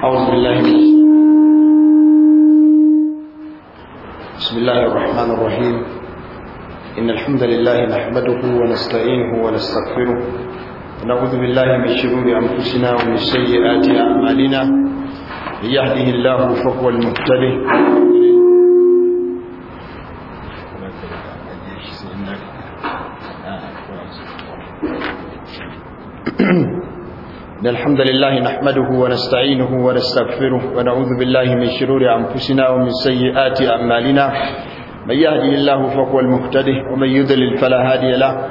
أعوذ بالله بسم الله الرحمن الرحيم إن الحمد لله نحمده ونستعينه ونستغفره ونعوذ بالله من شرور أنفسنا ومن سيئات أعمالنا يهده الله فهو المهتدي إن الحمد لله نحمده ونستعينه ونستغفره ونعوذ بالله من شرور أنفسنا ومن سيئات أعمالنا من يهدي الله فهو المهتده ومن يضلل فلا هادي له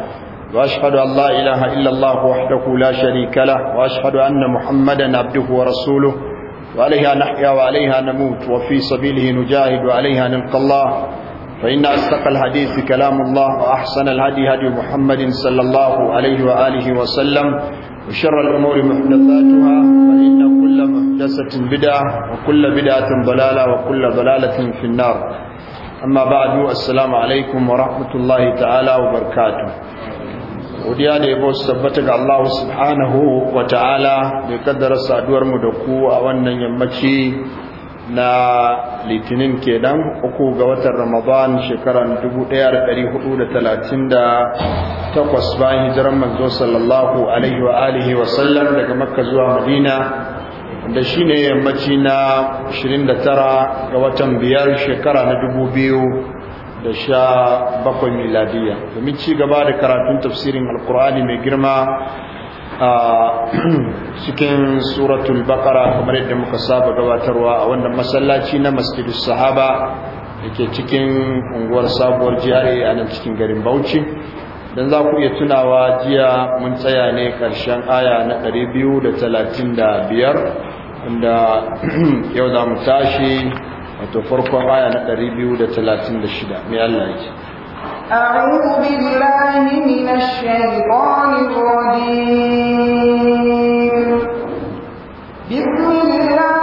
وأشهد أن لا إله إلا الله وحده لا شريك له وأشهد أن محمدا عبده ورسوله وعليها نحيا وعليها نموت وفي سبيله نجاهد وعليها نلقى الله فإن أصدق الحديث كلام الله وأحسن الهدي هدي محمد صلى الله عليه وآله وسلم وشر الأمور محدثاتها فإن كل محدثة بدعة وكل بدعة ضلالة وكل ضلالة في النار أما بعد السلام عليكم ورحمة الله تعالى وبركاته godiya da yabo su tabbata ga Allah subhanahu wa ta'ala da kaddara saduwar mu da ku a wannan yammaci na litinin kenan uku ga watan ramadan shekaran 1438 bayan hijiran manzo sallallahu alaihi wa alihi wa sallam daga makka zuwa madina da shi ne yammaci na 29 ga watan biyar shekara na 2017 miladiya domin ci gaba da karatun tafsirin alkur'ani mai girma A cikin suratul baqara kamar yadda muka saba gabatarwa a wannan masallaci na masjidus sahaba ke cikin unguwar sabuwar jihari a nan cikin garin Bauchi dan za ku iya tunawa jiya mun tsaya ne karshen aya na 235 inda yau za mu tashi wato farkon aya na 236 mai Allah yake أعوذ بالله من الشيطان الرجيم الرجيم بسم الله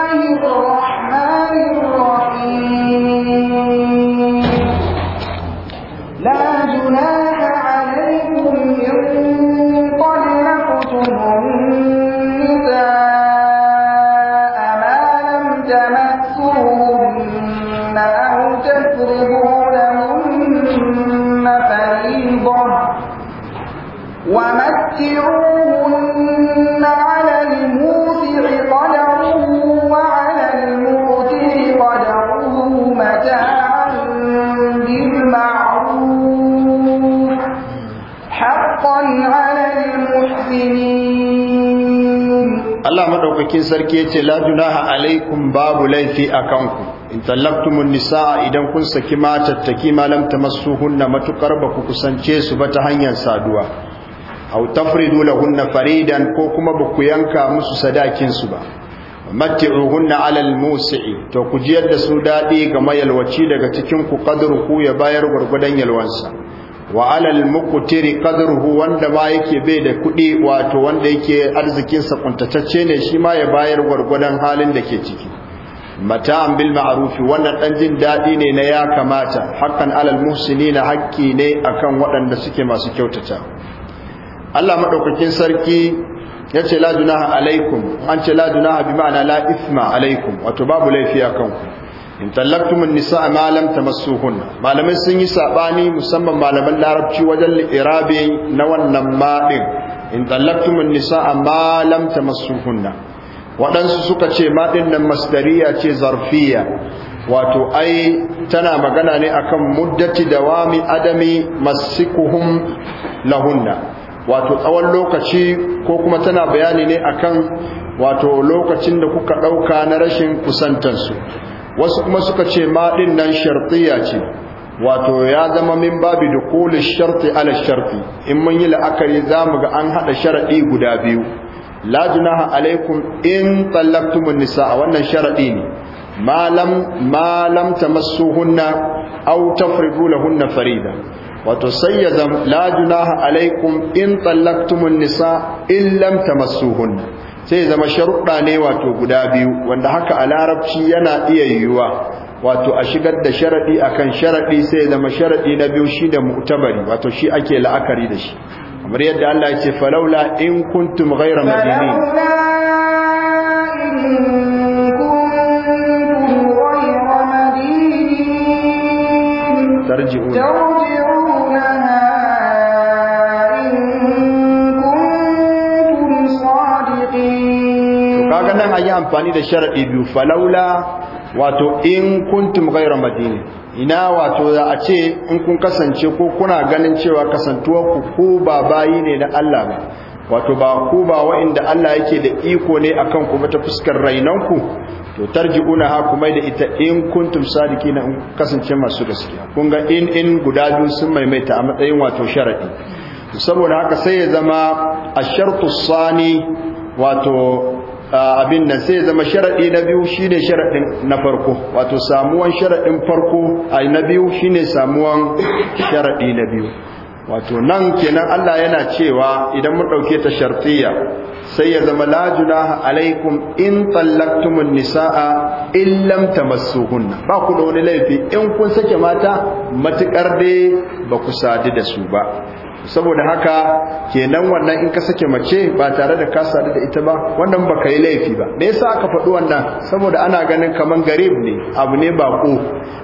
madaukakin sarki yace la junaha alaikum babu laifi kanku. in tallaqtumun nisaa idan kun saki matattaki malam hunna matukar ba ku kusance su ba ta hanyar saduwa aw tafridu lahunna faridan ko kuma ba ku yanka musu sadakin su ba matti'uhunna 'ala al-musi'i to ku jiyar da su dadi ga mayalwaci daga cikin ku qadru ku ya bayar gurgudan yalwansa wa alal muqtiri qadruhu wanda ba yake bai da kuɗi wato wanda yake arzikin sa kuntatacce ne shi ma ya bayar gwargwadon halin da ke ciki mata'an bil ma'ruf wannan dan jin dadi ne na ya kamata hakan alal muhsinina hakki ne akan waɗanda suke masu kyautata Allah madaukakin sarki yace la dunaha alaikum an ce la dunaha bi ma'ana la isma alaikum wato babu laifi akan ku in nisa a malam ta masu malamai sun yi saɓani musamman malaman larabci wajen irabe na wannan ma din in nisa a nisaa ta Waɗansu waɗansu suka ce maɗin nan masdariya ce zarfiya wato ai tana magana ne akan muddati dawami adami masikuhum lahunna wato tsawon lokaci ko kuma tana bayani ne akan wato lokacin da kuka ɗauka na rashin kusantarsu? wasu kuma suka ce ma nan shartiya ce wato ya zama min babi da kulli sharti ala sharti in mun yi la'akari mu ga an haɗa sharaɗi guda biyu la junaha alaikum in nisa, a wannan sharaɗi ne malam malam au aw tafridu hunna farida wato sayyazam la junaha alaikum in tallaqtumun nisa, in lam hunna. sai zama sharuɗa ne wato guda biyu wanda haka a larabci yana iya yiwuwa wato a shigar da sharaɗi akan sharaɗi sai zama sharaɗi na biyu shi da mu'tabari wato shi ake la'akari da shi kamar yadda Allah ce falaula in kuntum ghayra madinin ترجعون nan a yi amfani da sharaɗi biyu falaula wato in kuntum ghayra madini ina wato za a ce in kun kasance ko kuna ganin cewa kasantuwar ku ku ba bayi ne na Allah ba wato ba ku ba inda Allah yake da iko ne akan ku ta fuskar rainanku to tarji'una ha kuma da ita in kuntum sadiqina in kasance masu gaskiya kun ga in in guda biyu sun maimaita a matsayin wato sharaɗi, saboda haka sai ya zama ashartu sani wato abin nan sai zama sharadi na biyu shine sharadin na farko wato samuwan sharadin farko ai na biyu shine samuwan sharadi na biyu wato nan kenan Allah yana cewa idan mun dauke ta sharfiya, sai ya zama la junaha alaikum in tallaqtumun nisaa in lam tamassuhunna ba ku da wani laifi in kun sake mata matukar dai ba ku sadu da su ba saboda haka kenan wannan in ka sake mace ba tare da ka sadu da ita ba wannan baka yi laifi ba me yasa aka faɗi wannan saboda ana ganin kamar garib ne abu ne bako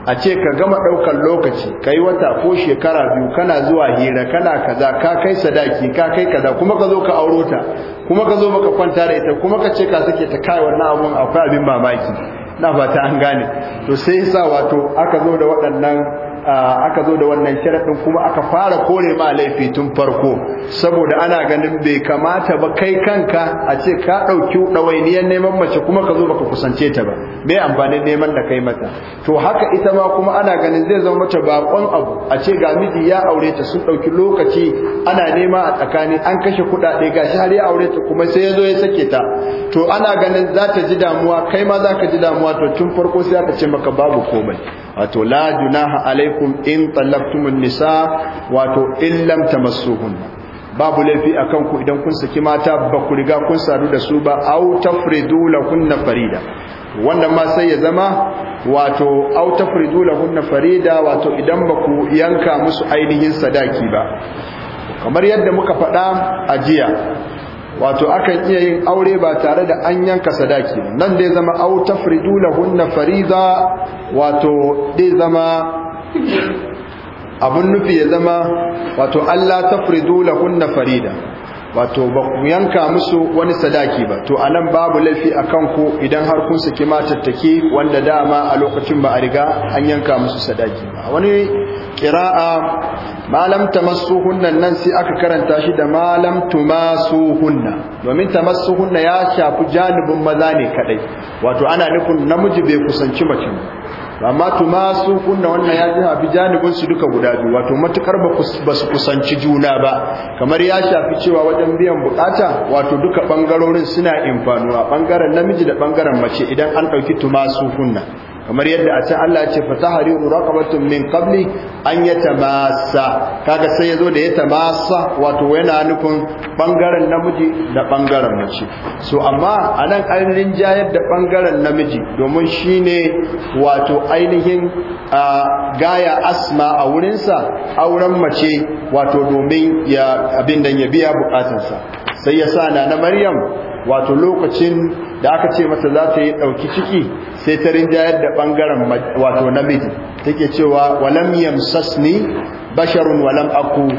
a ce ka gama ɗaukar lokaci kai wata ko shekara biyu kana zuwa hira kana kaza ka kai sadaki ka kai kaza kuma ka zo ka auro ta kuma ka zo maka kwanta da ita kuma ka ce ka sake ta kai wannan abun akwai abin mamaki na ta an gane to sai yasa wato aka zo da waɗannan aka zo da wannan sharaɗin kuma aka fara kore ma laifi tun farko saboda ana ganin bai kamata ba kai kanka a ce ka ɗauki ɗawainiyar neman mace kuma ka zo baka kusance ta ba bai amfanin neman da kai mata to haka ita ma kuma ana ganin zai zama mata bakon abu a ce ga miji ya aure ta sun ɗauki lokaci ana nema a tsakani an kashe kuɗaɗe ga shi har ya aure ta kuma sai ya zo ya sake ta to ana ganin za ta ji damuwa kai ma za ka ji damuwa to tun farko sai aka ce maka babu komai wato la junaha alaikum in talaqtumun nisa wato in lam babu laifi akan ku idan kun saki mata ba ku riga kun sadu da su ba au tafridu lakunna farida wannan ma sai ya zama wato au tafridu lahunna farida wato idan ba ku yanka musu ainihin sadaki ba kamar yadda muka faɗa a jiya wato akan iya yin aure ba tare da an yanka sadaki nan dai zama au tafridu lahunna fariza wato dai zama abun nufi ya zama wato Allah tafridu lahunna farida wato ba ku yanka musu wani sadaki ba to anan babu laifi a kanku idan har kun saki matattake wanda dama a lokacin ba a riga an yanka musu sadaki ba wani kira'a malam tamassuhunna nan sai aka karanta shi da malam tumasuhunna domin tamassuhunna ya shafi janibin maza ne kadai wato ana nufin namiji bai kusanci mace ba amma su kunna wannan ya jiha bi janibin su duka guda biyu wato matukar ba su kusanci juna ba kamar ya shafi cewa wajen biyan bukata wato duka bangarorin suna imfanuwa bangaren namiji da bangaren mace idan an dauki tumasu kunna kamar yadda a can Allah ce fatahari uraqabatum min qabli an yatamassa kaga sai yazo da yatamassa wato yana nufin bangaren namiji da bangaren mace so amma anan an rinjayar da bangaren namiji domin shine wato ainihin gaya asma a wurinsa auren mace wato domin ya abin da ya biya bukatarsa sai ya sa na Maryam wato lokacin da aka ce mata za ta yi ɗauki ciki sai ta rinjayar da ɓangaren wato namiji take cewa walam yamsasni basharun walam aku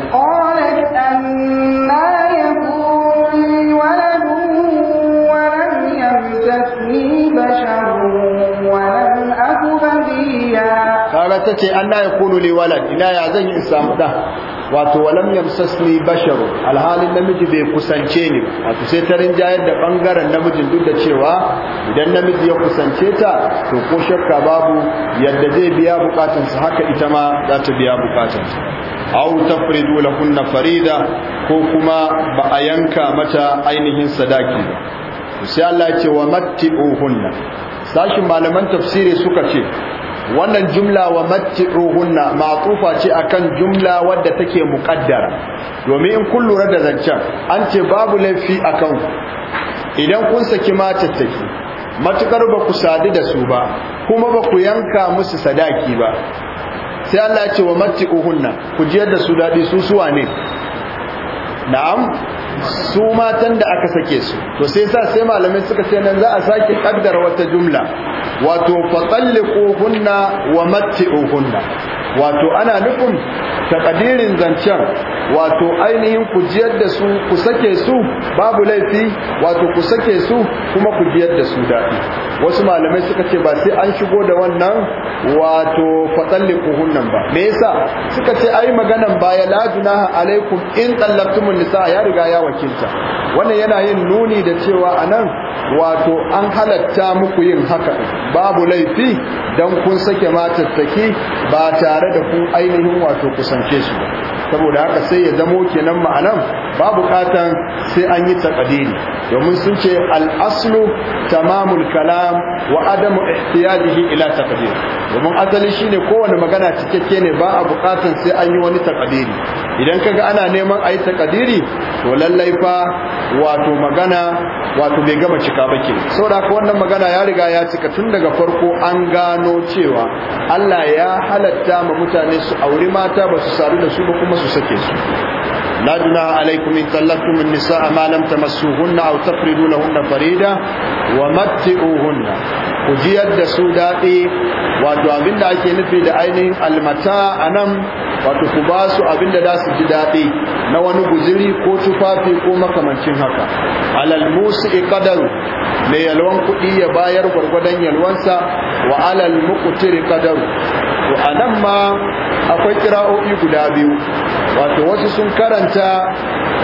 kaga ta ce an na ya kunu walad ina ya zan yi samu ɗan wato walam yamsasni basharu alhalin namiji bai kusance ni wato sai ta rinjayar da bangaren namijin duk da cewa idan namiji ya kusance ta to ko shakka babu yadda zai biya sa haka ita ma za ta biya sa aw tafridu lahunna farida ko kuma ba a yanka mata ainihin sadaki ba sai Allah ya ce wa matti'uhunna sashin malaman tafsiri suka ce wannan jumla wa matti'uhunna ma'tufa ce akan jumla wadda take muqaddara domin in kun lura da zancen an ce babu laifi akan idan kun saki matattaki matukar ba ku sadu da su ba kuma ba ku yanka musu sadaki ba sai Allah ya ce wa matti'uhunna ku jiyar da su dadi su suwa ne na'am su matan da aka sake su to sai sa sai malamai suka ce nan za a sake kaddara wata jumla wato hunna wa matti'uhunna wato ana nufin takadirin zancen wato ainihin ku jiyar da su ku sake su babu laifi wato ku sake su kuma ku jiyar da su daɗi wasu malamai suka ce ba sai an shigo da wannan wato kuhun nan ba me yasa suka ce ai maganan baya la alaikum in tallaqtumun nisa ya riga ya wakilta wannan yana yin nuni da cewa anan wato an halatta muku yin haka babu laifi dan kun sake matattaki ba tare tare da ku ainihin wato kusance su saboda haka sai ya zamo kenan ma'anan ba bukatan sai an yi taƙadiri domin sun ce al’aslu tamamul kalam wa adamu ihtiyajihi ila taƙadiri. domin asali shine kowane magana cikakke ne ba a bukatan sai an yi wani taƙadiri. idan ka ga ana neman a yi taƙadiri, to lallai fa wato magana wato bai gama cika ba ke da wannan magana ya riga ya cika tun daga farko an gano cewa Allah ya halatta ma mutane su auri mata ba su sadu da su ba kuma su sake su لا جناح عليكم إن طلقتم النساء ما لم تمسوهن أو تفردوا لهن فريدة ومتئوهن kujiyar da su daɗi wato abinda ake nufi da ainihin almata a nan wato ku basu su abinda za su ji daɗi na wani guziri ko tufafi ko makamancin haka alal musu ikadaru mai yalwan kuɗi ya bayar gwargwadon yalwansa wa alal muƙutiri kadaru to a nan ma akwai kira'o'i guda biyu wato wasu sun karanta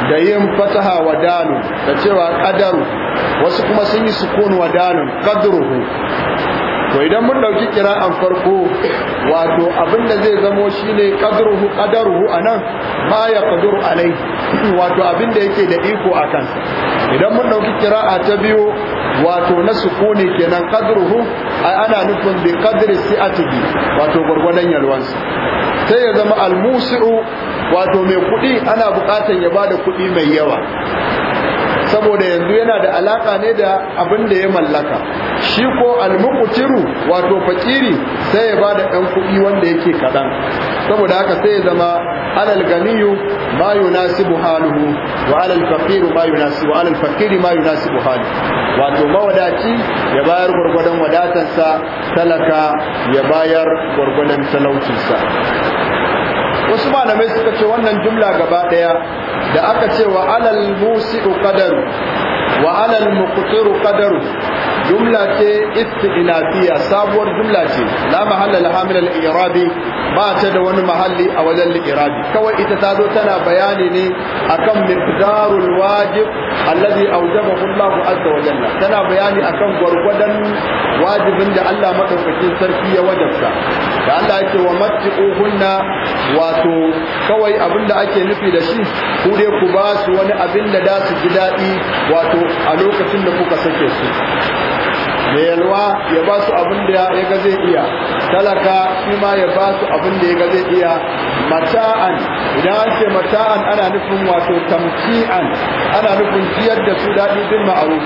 da yin fataha wa dalu da cewa kadaru wasu kuma sun yi sukun wa dalu kadruhu to idan mun dauki kira'an farko wato abin da zai zamo shine kadruhu kadaruhu anan ma ya kadur alai wato abin da yake da iko akan idan mun dauki kira'a ta biyo wato na sukuni kenan kadruhu ai ana nufin bi qadri bi wato gurgurdan yalwansa sai ya zama al-musi'u wato mai kuɗi ana buƙatan ya bada kuɗi mai yawa saboda yanzu yana da alaka ne da abin da ya mallaka shi ko almukutiru wato fakiri sai ya bada ɗan kuɗi wanda yake kadan saboda haka sai ya zama alal ganiyu ma yunasibu haluhu wa alal faqir ma yunasibu alal faqir ma yunasibu haluhu wato mawadaci ya bayar gurgudan wadatarsa talaka ya bayar gurgudan talaucinsa wasu malamai suka ce wannan jumla gaba daya da aka ce wa alal musi'u kadaru wa alal muqtiru kadaru. jumla ce istinafiya sabuwar jumla ce la mahalla la irabi ba ta da wani mahalli a wajen irabi kawai ita ta zo tana bayani ne akan miqdarul wajib alladhi awjabahu Allah azza wa jalla tana bayani akan gwargwadon wajibin da Allah madaukakin sarki ya wajabta da Allah yake wa mattiquhunna wato kawai abinda ake nufi da shi ku dai ku ba su wani abin da su ji daɗi wato a lokacin da kuka sake su mai yalwa ya ba su abin da ya ga zai iya talaka shi ma ya ba su abin da ya ga zai iya mata'an idan an ce mata'an ana nufin wato tamki'an ana nufin jiyar da su daɗi bin ma'aruf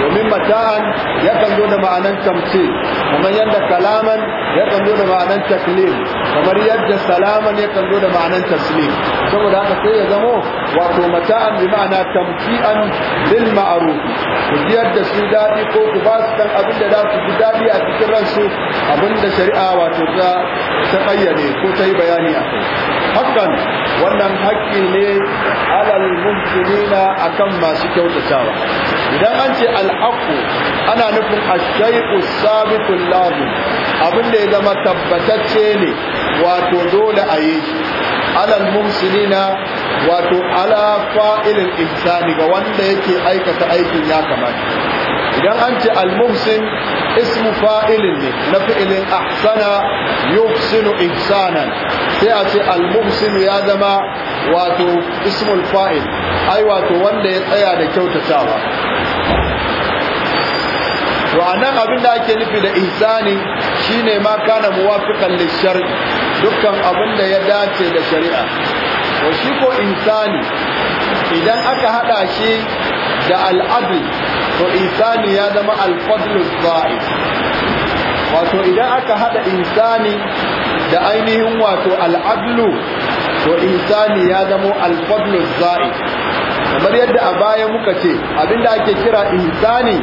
domin mata'an yakan zo da ma'anan tamce kamar yadda kalaman yakan zo da ma'anan taklif kamar yadda salaman yakan zo da ma'anan taslim saboda haka sai ya zamo wato mata'an bi ma'ana tamki'an lil ma'aruf jiyar da su daɗi ko ku ba su dan abin da za su fi daɗi a cikin ransu abin da shari'a wato ta ta ƙayyade ko ta yi bayani a kai hakan wannan haƙƙi ne alal mumkinina akan masu kyautatawa idan an ce alhaku ana nufin ashai'u sabiqul lazim abin da ya zama tabbatacce ne wato dole a yi alal mumsinina wato ala fa'ilin ihsani ga wanda yake aikata aikin ya kamata idan an ce al mumsin ismu fa'ilin ne na fi'ilin ahsana yuhsinu ihsanan sai a ce al mumsin ya zama wato ismul fa'il ai wato wanda ya tsaya da kyautatawa to anan abin da ake nufi da ihsani shine ma kana muwafiqan shar'i dukkan abin da ya dace da shari'a to shi ko ihsani idan aka hada shi da al'adl to ihsani ya zama al-fadlu dha'if wato idan aka hada Insani da ainihin wato al'adlu to ihsani ya zama al-fadlu dha'if kamar yadda a baya muka ce abinda ake kira Insani.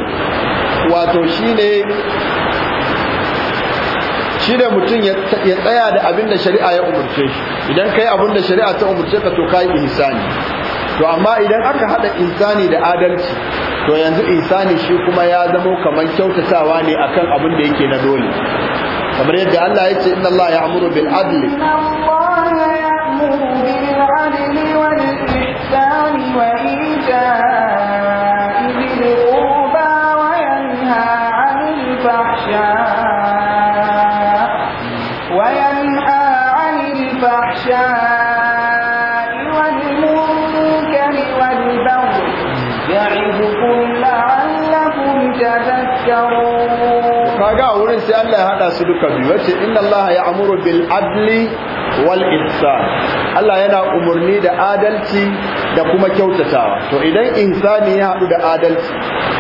wato shine shi mutum ya tsaya da abin da shari'a ya umarce shi idan kai abin da shari'a ta umarce ka to kai insani to amma idan aka hada insani da adalci to yanzu insani shi kuma ya zama kamar kyautatawa ne akan abin da yake na dole kamar yadda Allah ya ce inna Allah ya'muru bil adli ya'muru adli hada su duka biyu yace inna ya amuru bil adli wal ihsan Allah yana umurni da adalci da kuma kyautatawa to idan insani ya hadu da adalci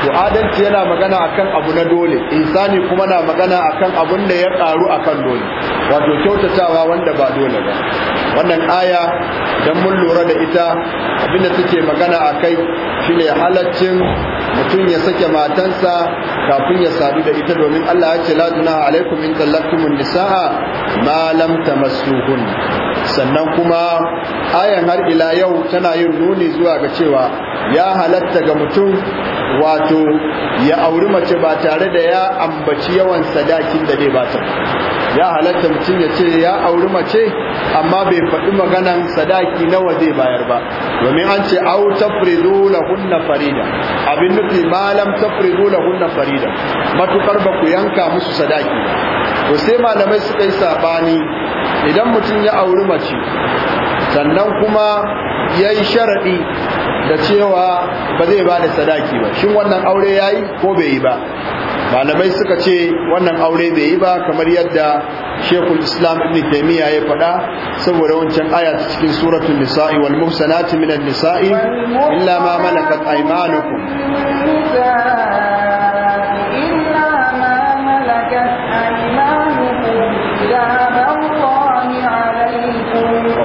to adalci yana magana akan abu na dole insani kuma na magana akan abun da ya karu akan dole wato kyautatawa wanda ba dole ba wannan aya dan mun lura da ita abinda take magana akai shine halaccin mutum ya sake matansa kafin ya sadu da ita domin Allah ya ce la junaha alaikum in tallaqtumun nisaa ma lam tamassuhun sannan kuma ayan har ila yau tana yin nuni zuwa ga cewa ya halatta ga mutum wato ya auri mace ba tare da ya ambaci yawan sadakin da dai ta. ya halatta mutum ya ce ya auri mace amma bai faɗi maganan sadaki nawa zai bayar ba domin an ce au tafridu lahunna farida abin nufi malam tafridu lahunna farida matukar ba ku yanka musu sadaki to sai malamai suka yi sabani idan mutum ya auri mace sannan kuma ya yi sharaɗi da cewa ba zai ba da sadaki ba shin wannan aure ya yi ko bai yi ba malamai suka ce wannan aure bai yi ba kamar yadda shekul islam ibn taimiyya ya faɗa saboda wancan aya ta cikin suratun nisa'i wal muhsanati minan nisa'i illa ma malakat aymanukum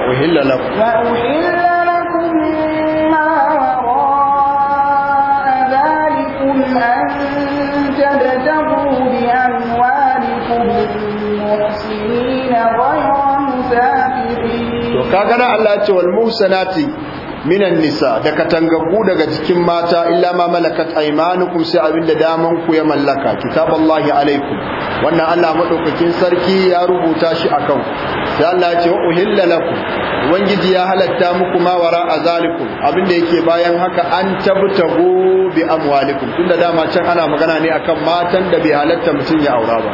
وأحل kagana Allah ce wal muhsanati minan nisa da katangaggu daga cikin mata illa ma malakat aymanukum sai abinda daman ku ya mallaka kitaballahi alaikum wannan Allah madaukakin sarki ya rubuta shi akan sai Allah ya ce uhilla lakum ubangiji ya halatta muku ma wara azalikum abinda yake bayan haka an tabtago bi amwalikum tunda dama can ana magana ne akan matan da bai halatta mutun ya aura ba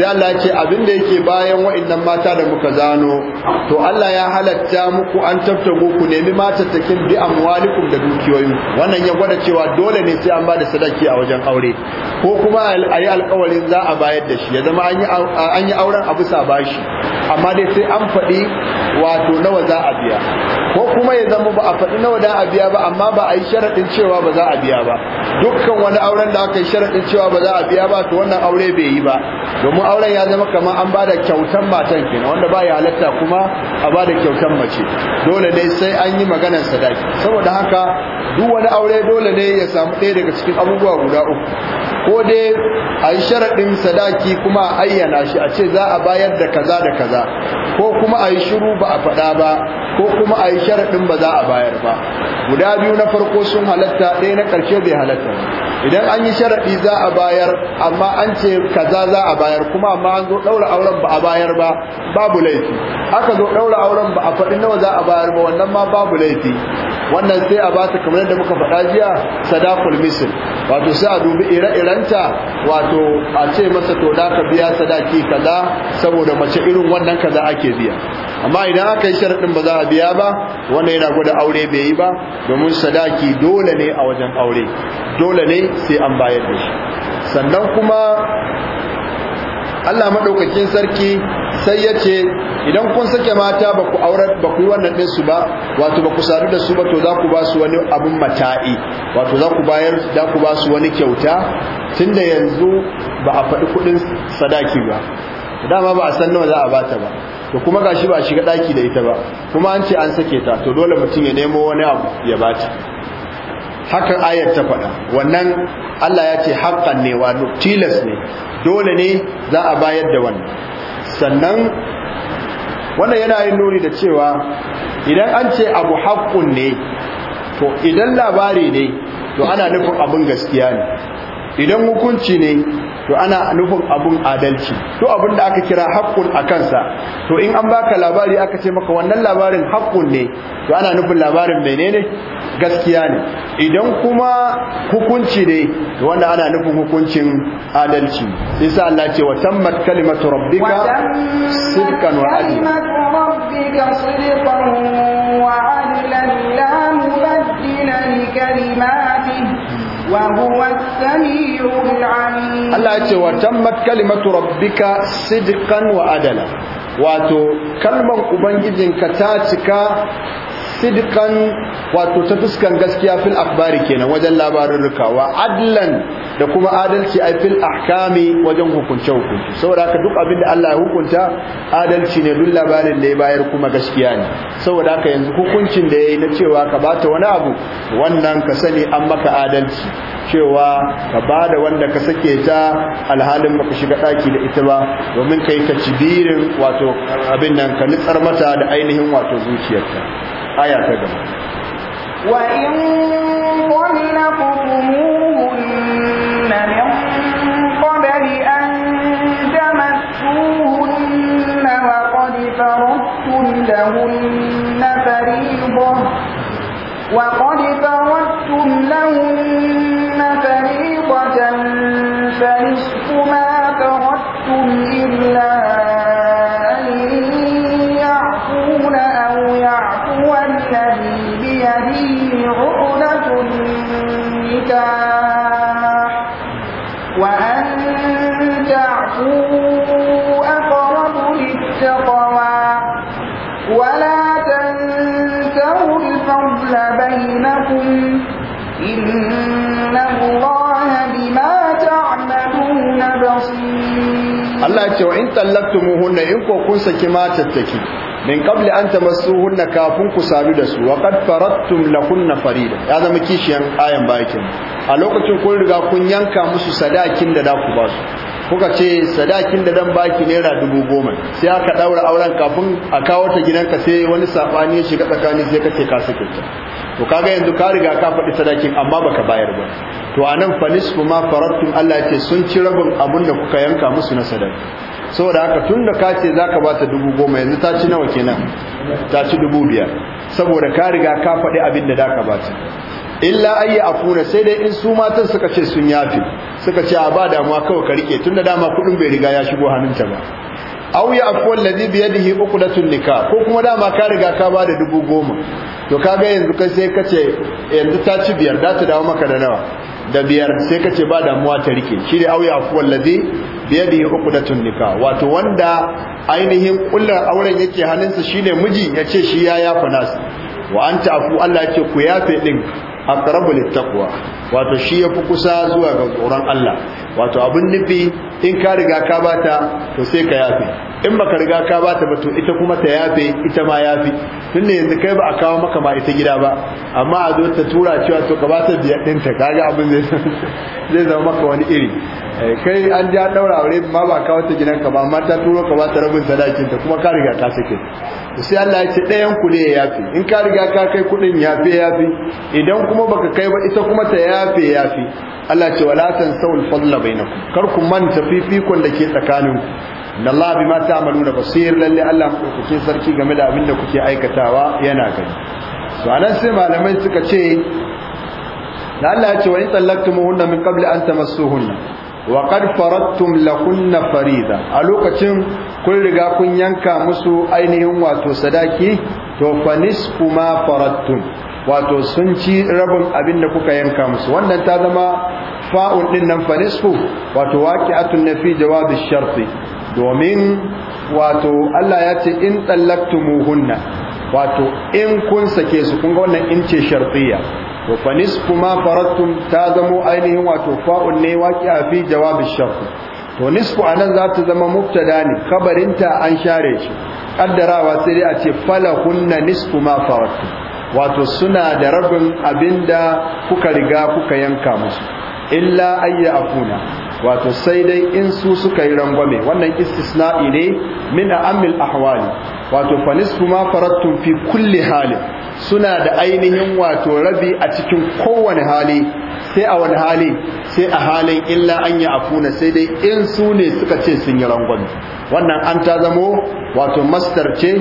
sai Allah ya ce abin da yake bayan wa'annan mata da muka zano to Allah ya halatta muku an tabtago ku nemi matattakin bi amwalikum da dukiyoyin wannan ya gwada cewa dole ne sai an ba da sadaki a wajen aure ko kuma a yi za a bayar da shi ya zama an yi auren a bisa bashi amma dai sai an faɗi wato nawa za a biya ko kuma ya zama ba a faɗi nawa za a biya ba amma ba a yi sharaɗin cewa ba za a biya ba dukkan wani auren da aka yi sharaɗin cewa ba za a biya ba to wannan aure bai yi ba domin auren ya zama kamar an ba da kyautan matan kina wanda ba ya halatta kuma a ba da kyautan mace dole ne sai an yi maganar sadaki saboda haka duk wani aure dole ne ya samu ɗaya daga cikin abubuwa guda uku ko dai a yi sharaɗin sadaki kuma a ayyana shi a ce za a bayar da kaza da kaza ko kuma a yi shiru ba a faɗa ba ko kuma a yi sharaɗin ba za a bayar ba guda biyu na farko sun halatta ɗaya na ƙarshe bai halatta idan an yi sharaɗi za a bayar amma an ce kaza za a bayar kuma kuma amma an zo daura auren ba a bayar ba babu laifi aka zo daura auren ba a faɗi nawa za a bayar ba wannan ma babu laifi wannan sai a ba ta kamar yadda muka faɗa jiya sadaqul misl wato sai a dubi ire-irenta wato a ce masa to da ka biya sadaki kaza saboda mace irin wannan kaza ake biya amma idan aka yi sharadin ba za a biya ba wannan yana gwada aure bai yi ba domin sadaki dole ne a wajen aure dole ne sai an bayar da shi sannan kuma Allah madaukakin sarki sai ya ce idan kun sake mata ba ku aurar ba ku yi wannan din su ba wato ba ku sadu da su ba to za ku ba su wani abun mata'i wato za ku bayar za ku ba su wani kyauta tunda yanzu ba a faɗi kuɗin sadaki ba dama ba a san nawa za a bata ba to kuma gashi ba a shiga daki da ita ba kuma an ce an sake ta to dole mutum ya nemo wani abu ya bata haka ayar ta faɗa wannan Allah ya ce haƙƙan ne wa tilas ne dole ne za a bayar da wannan sannan wannan yana yin nuni da cewa idan an ce abu haƙƙun ne to idan labari ne to ana nufin abin gaskiya ne idan hukunci ne to ana nufin abun adalci to abun da aka kira haƙƙun a kansa to in an baka labari aka ce maka wannan labarin haƙƙun ne to ana nufin labarin menene gaskiya ne idan kuma hukunci ne to wanda ana nufin hukuncin adalci isa Allah ce wa tammat kalimatu rabbika sidqan wa adla Allah ce wa tammat kalimatu rabbika sidqan wa adala wato kalman ubangijinka ta cika sidkan wato ta fuskan gaskiya fil akhbari kenan wajen labarin rukawa, adlan da kuma adalci ai fil ahkami wajen hukunce hukunci saboda haka duk abin da Allah ya hukunta adalci ne duk labarin da ya bayar kuma gaskiya ne saboda haka yanzu hukuncin da yayi na cewa ka bata wani abu wannan ka sani an maka adalci cewa ka bada wanda ka sake ta alhalin baka shiga daki da ita ba domin kai ka cibirin wato abin nan ka nitsar mata da ainihin wato zuciyarta aya ta gaba wa in qulna qumunna min qabli an tamassuna wa qad tarattu lahun nafariba wa in ko kun saki min kabli an tamassuhunna kafin ku sadu da su wa qad farattum lahunna farida ya zama kishiyan ayan bakin a lokacin kun riga kun yanka musu sadakin da da ku ba su kuka ce sadakin da dan baki naira dubu goma sai aka daura auren kafin a kawo ta gidanka sai wani sabani ya shiga tsakanin sai kace ka sake ta to kaga yanzu ka riga ka faɗi sadakin amma baka bayar ba to anan fa ma farattum Allah ya ce sun ci rabin abin da kuka yanka musu na sadaka saboda haka tun da ka ce za ka ba ta dubu goma yanzu ta ci nawa kenan ta ci dubu biyar saboda ka riga ka faɗi abin da ka ba ta illa ayi afuna sai dai in su matan suka ce sun yafi suka ce a ba damuwa kawai ka rike tun da dama kuɗin bai riga ya shigo hannunta ba aw ya afu alladhi bi yadihi uqdatun nikah ko kuma dama ka riga ka ba da dubu goma to kaga yanzu kai sai kace yanzu ta ci biyar da ta dawo maka da nawa da biyar sai ka ce ba damuwa ta rike shi ne auya afuwar wallazi biya da uku da nika wato wanda ainihin kullar auren yake hannunsa shine ne miji ya ce shi ya yafa nasu wa an fu Allah ce ku yafe ɗin a ƙarabu wato shi ya fi kusa zuwa ga tsoron Allah wato abin nufi in ka riga ka bata to sai ka yafe in baka riga ka bata ba to ita kuma ta yafe ita ma yafi ne yanzu kai ba a kawo maka ma ita gida ba amma a zo ta tura cewa to ka bata biyar ɗinta kaga abin zai zama maka wani iri Eh, kai an ja daura aure ma ba ka ta gidanka ba amma ta turo ka ba ta rabin sadakin ta kuma ka riga ka sake sai Allah ya ce ɗayan ku ne yafi in ka riga ka kai kuɗin yafi yafi idan kuma baka kai ba ita kuma ta yafe yafi Allah ce wala tansawul fadla bainakum kar ku manta fifikon da ke tsakaninku inna Allah bima ta'maluna basir lalle Allah kuke sarki game da abin da kuke aikatawa yana gani to anan sai malamai suka ce da Allah ya ce wa in tallaktumuhunna min qabli an tamassuhunna wa qad farattum lahunna farida a lokacin kun riga kun yanka musu ainihin wato sadaki to fa nisfu ma farattum wato sun ci rabin abin da kuka yanka musu wannan ta zama fa'un din nan fa nisfu wato waqi'atun nafi jawabi sharti domin wato Allah ya ce in tsallaktumuhunna wato in kun sake su kun ga wannan in ce shartiya to fa nisfu ma farattum ta zamo ainihin wato fa'un ne a fi jawab shart to nisfu anan za ta zama mubtada ne kabarinta an share shi kaddarawa sai dai a ce falahunna nisfu ma farattum wato suna da rabin abinda kuka riga kuka yanka musu illa ayya afuna wato sai dai in su suka yi rangwame wannan istisna'i ne min a'amil ahwali wato fa nisfu ma farattum fi kulli halin suna da ainihin wato rabi a cikin kowane hali sai a wani hali sai a halin illa an yi afuna sai dai in su ne suka ce sun yi rangon wannan an ta zamo wato master ce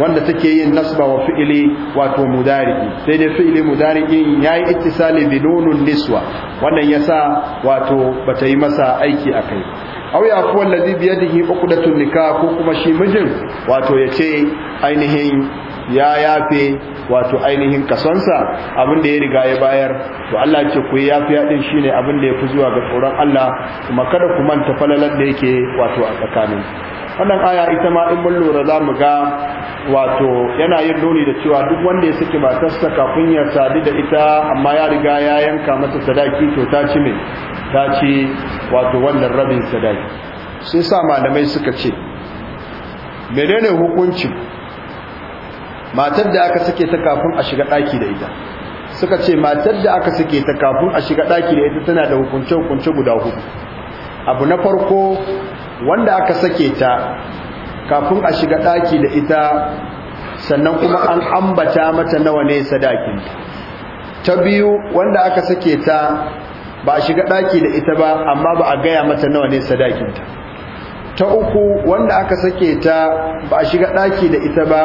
wanda take yin nasba wa fi'ili wato mudariki sai dai fi'ili ya yi itisali bi nunun niswa wannan ya sa wato bata yi masa aiki a kai aw ya fi wallazi biyadihi uqdatun nikah ko kuma shi mijin wato ya ce ainihin ya yafe wato ainihin kasonsa abin da ya riga ya bayar to Allah ce ku yafi yadin shine abin da fi zuwa ga tsoron Allah kuma kada ku manta falalar da yake wato a tsakanin wannan aya ita ma in mun lura za mu ga wato yana yin nuni da cewa duk wanda ya saki matarsa kafin ya sadi da ita amma ya riga ya yanka mata sadaki to ta ci me ta ci wato wannan rabin sadaki sai sa malamai suka ce menene hukuncin matar da aka sake ta kafin a shiga daki da ita suka ce matar da aka sake ta kafin a shiga daki da ita tana da hukunce hukunce guda hudu abu na farko wanda aka sake ta kafin a shiga daki da ita sannan kuma an ambata mata nawa ne sadakin ta biyu wanda aka sake ta ba a shiga daki da ita ba amma ba a gaya mata nawa ne sadakin ta uku wanda aka sake ta ba a shiga ɗaki da ita ba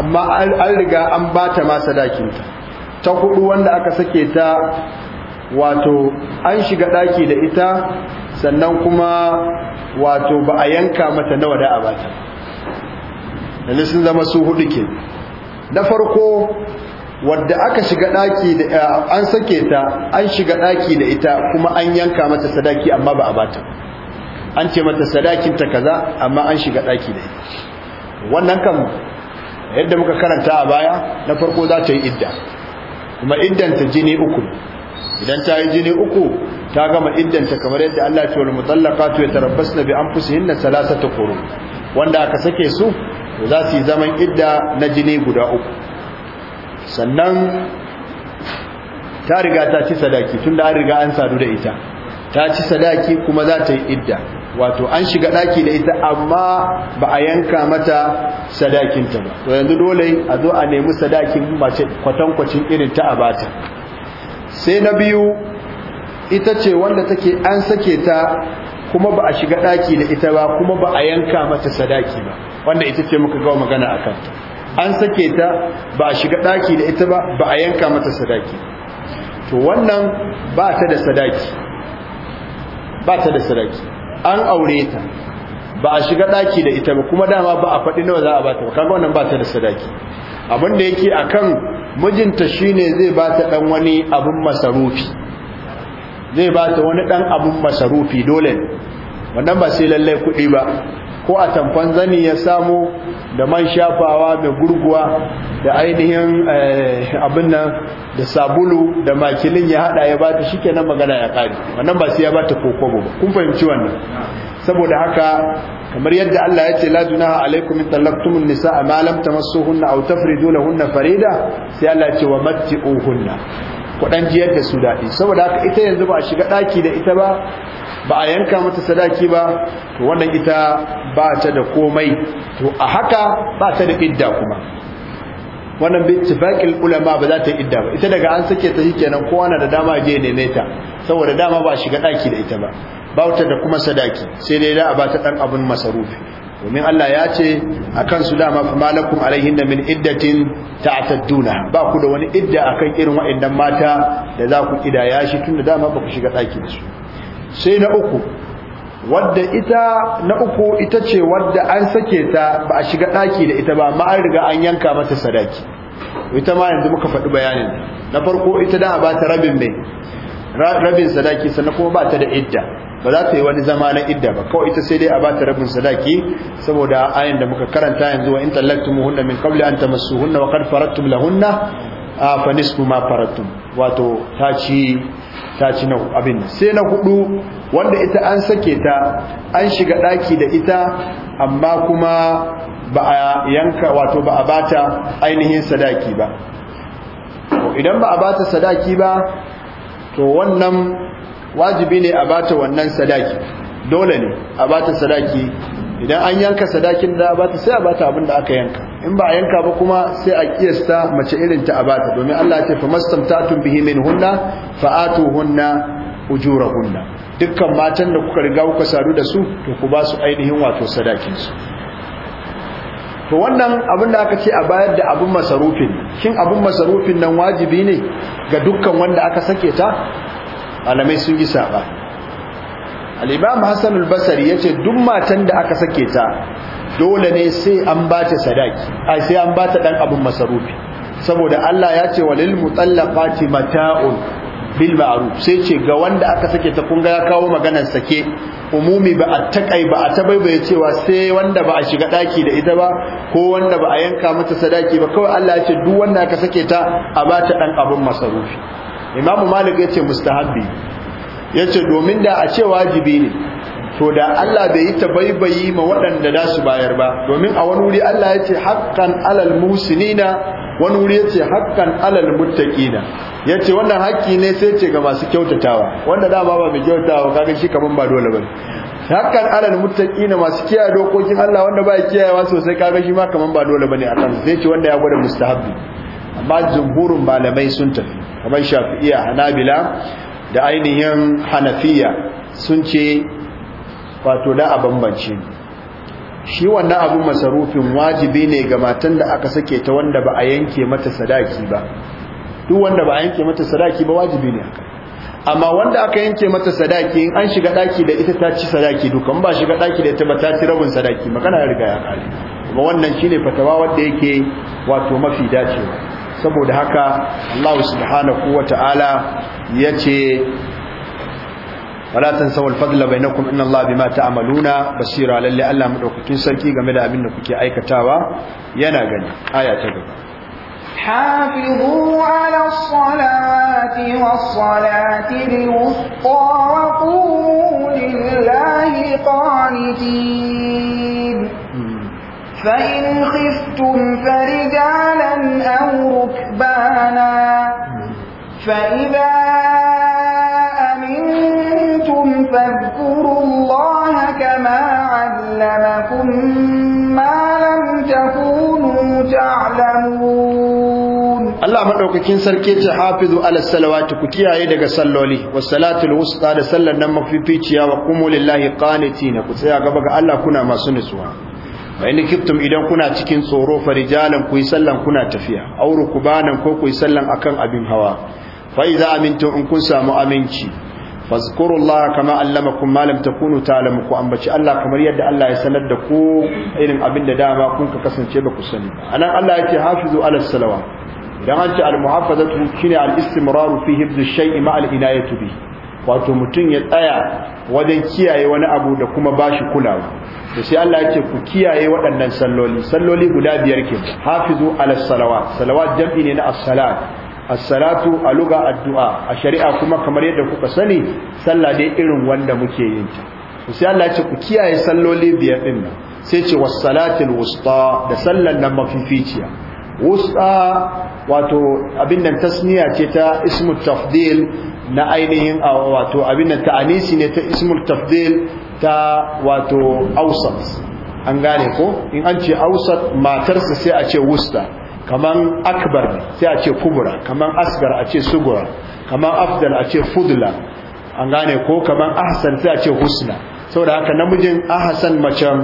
amma an riga an ba ta ma sadakinta ta hudu wanda aka sake ta wato an shiga daki da ita sannan kuma wato ba a yanka mata nawa da a bata yanzu sun zama su hudu ke na farko wadda aka shiga daki da eh, an sake ta an shiga daki da ita kuma an yanka mata sadaki amma ba a bata an ce mata sadakin ta kaza amma an shiga daki da ita wannan kan yadda muka karanta a baya na farko za ta yi idda kuma iddanta jini uku idan ta yi jini uku ta gama iddanta kamar yadda Allah ce wal mutallaqatu yatarabbasna bi anfusihinna thalathata quru wanda aka sake su to za su yi zaman idda na jini guda uku sannan ta riga ta ci sadaki tunda an riga an sadu da ita ta ci sadaki kuma za ta yi idda wato an shiga daki da ita amma ba a yanka mata sadakinta ba to yanzu dole a zo a nemi sadakin mace kwatankwacin irin ta a abata sai na biyu ita ce wanda take an sake ta kuma ba a shiga daki da ita ba kuma ba a yanka mata sadaki ba wanda ita ce muka gawa magana a kanta an sake ta ba a shiga daki da ita ba ba a yanka mata sadaki to wannan ba ta da sadaki ba ta da saraki an aure ta ba a shiga daki da ita ba kuma dama ba a faɗi nawa za a ba ta kaga wannan ba ta da sadaki abin da yake akan mijinta shine zai ba ta dan wani abun masarufi zai ba ta wani dan abun masarufi dole wannan ba sai lallai kuɗi ba ko a tamfan zani ya samu da man shafawa da gurguwa da ainihin eh, abin nan da sabulu da makilin ya hada ya bata shi kenan magana ya kare wannan ba sai ya bata kokobo ba kun fahimci wannan saboda haka kamar yadda Allah ya ce la junaha alaikum in nisa, nisaa ma lam tamassuhunna aw tafridu lahunna farida sai Allah ya ce wa matti'uhunna ku dan jiyar da su dadi saboda haka ita yanzu ba a shiga daki da ita ba ba a yanka mata sadaki ba to wannan ita ba ta da komai to a haka ba ta da idda kuma wannan bi tafaqil ulama ba za ta yi idda ba ita daga an sake ta shikenan kowa na da dama je ne ta saboda dama ba shiga daki da ita ba bauta da kuma sadaki sai dai da a ba ta dan abun masarufi domin Allah ya ce akan su dama fa malakum alaihin min iddatin ta'tadduna ba ku da wani idda akan irin waɗannan mata da za ku idaya shi tunda dama ba ku shiga daki da su sai na uku wadda ita na uku ita ce wadda an sake ta ba a shiga ɗaki da ita ba ma an riga an yanka mata sadaki ita ma yanzu muka faɗi bayanin na farko ita da ba ta rabin mai rabin sadaki sannan kuma ba ta da idda ba za ta yi wani zama na idda ba kawai ita sai dai a ba ta rabin sadaki saboda ayin da muka karanta yanzu wa in tallaqtumuhunna min qabli an hunna wa qad faradtum lahunna a fanis kuma faratun wato ta ci na abin sai na hudu wanda ita an sake ta an shiga daki da ita amma kuma ba a yanka wato ba a bata ainihin sadaki ba idan ba a bata sadaki ba to wannan wajibi ne a bata wannan sadaki dole ne a bata sadaki idan an yanka sadakin da ba ta sai a bata abin da aka yanka in ba a yanka ba kuma sai a kiyasta mace irin ta a bata domin Allah ya ce fa mastamtatun bihi min hunna fa atuhunna ujurahunna dukkan matan da kuka riga kuka sadu da su to ku ba su ainihin wato sadakin su to wannan abin da aka ce a bayar da abin masarufin kin abin masarufin nan wajibi ne ga dukkan wanda aka sake ta malamai sun yi saba al-imam hasan al-basri yace duk matan da aka sake ta dole ne sai an ba ta sadaki ai sai an ba ta dan abun masarufi saboda Allah ya ce walil mutallaqati mata'un bil ma'ruf sai ce ga wanda aka sake ta kunga ya kawo maganar sake umumi ba a takai ba a tabaibaye cewa sai wanda ba a shiga ɗaki da ita ba ko wanda ba a yanka mata sadaki ba kawai Allah ya ce duk wanda aka sake ta a ba ta dan abun masarufi Imam Malik ya ce mustahabbi yace domin da a ce wajibi ne to da Allah bai yi tabaibayi ma waɗanda da su bayar ba domin a wani wuri Allah yace haqqan alal musinina wani wuri yace haqqan alal muttaqina yace wannan haƙƙi ne sai ce ga masu kyautatawa wanda dama ba mai kyautatawa kaga shi kaman ba dole bane haƙƙan alal muttaqina masu kiyaye dokokin Allah wanda ba kiyayewa sosai kaga shi ma kaman ba dole bane kan sai ce wanda ya gwada mustahabbi amma jumhurun malamai sun tafi kamar Shafi'i Hanabila da ainihin hanafiya sun ce wato da a bambance shi wannan abin masarufin wajibi ne ga matan da aka sake ta wanda ba a yanke mata sadaki ba duk wanda ba a yanke mata sadaki ba wajibi ne amma wanda aka yanke mata sadaki in an shiga daki da ita ta ci sadaki dukan ba shiga daki da ita ba ta ci rabin sadaki magana ya riga ya kare kuma wannan shine fatawa wanda yake wato mafi dacewa saboda haka Allah subhanahu wataala yace wala tansaw al-fadla bainakum inna bi bima ta'maluna basira lalle Allah madaukakin sarki game da abin da kuke aikatawa yana gani aya ta gaba حافظوا على الصلوات والصلاة الوسطى وقوموا لله قانتين فإن خفتم فرجالا أو ركبانا فإذا فاذكروا الله كما علمكم ما لم تكونوا تعلمون Allah madaukakin sarki ce hafizu ala salawati ku kiyaye daga salloli was salatul wusta da sallar nan mafificiya wa qumu ƙane qanitina ku tsaya gaba ga Allah kuna masu nutsuwa fa in kiftum idan kuna cikin tsoro farijalan ku yi sallan kuna tafiya auru kubanan ko kuyi sallar sallan akan abin hawa Fa'iza idza in kun samu aminci fazkurullah kama allamakum ma lam takunu ta'lamu ku ambaci Allah kamar yadda Allah ya sanar da ku irin abin da dama kun ka kasance ba ku sani anan Allah yake hafizu ala salawa idan an ce al muhafazatu shine al istimraru fi hifz shay'i ma al inayatu bi wato mutun ya tsaya wajen kiyaye wani abu da kuma bashi kulawa da sai Allah yake ku kiyaye waɗannan salloli salloli guda biyar ke hafizu ala salawat salawat jam'i ne na as-salat as-salatu a luga addu'a a shari'a kuma kamar yadda kuka sani sallah dai irin wanda muke yin ta sai Allah ce ku kiyaye salloli biyar din nan sai ce was-salatil wusta da sallan nan mafificiya wusta wato abin nan tasniya ce ta ismu tafdil na ainihin wato abin nan ta'anisi ne ta ismu tafdil ta wato Ausat an gane ko in an ce Ausat matarsa sai a ce wusta kaman akbar sai a ce kubura kamar asgar a ce sugura kamar afdal a ce fudula an gane ko kamar ahsan sai a ce husna saboda haka namijin ahsan macen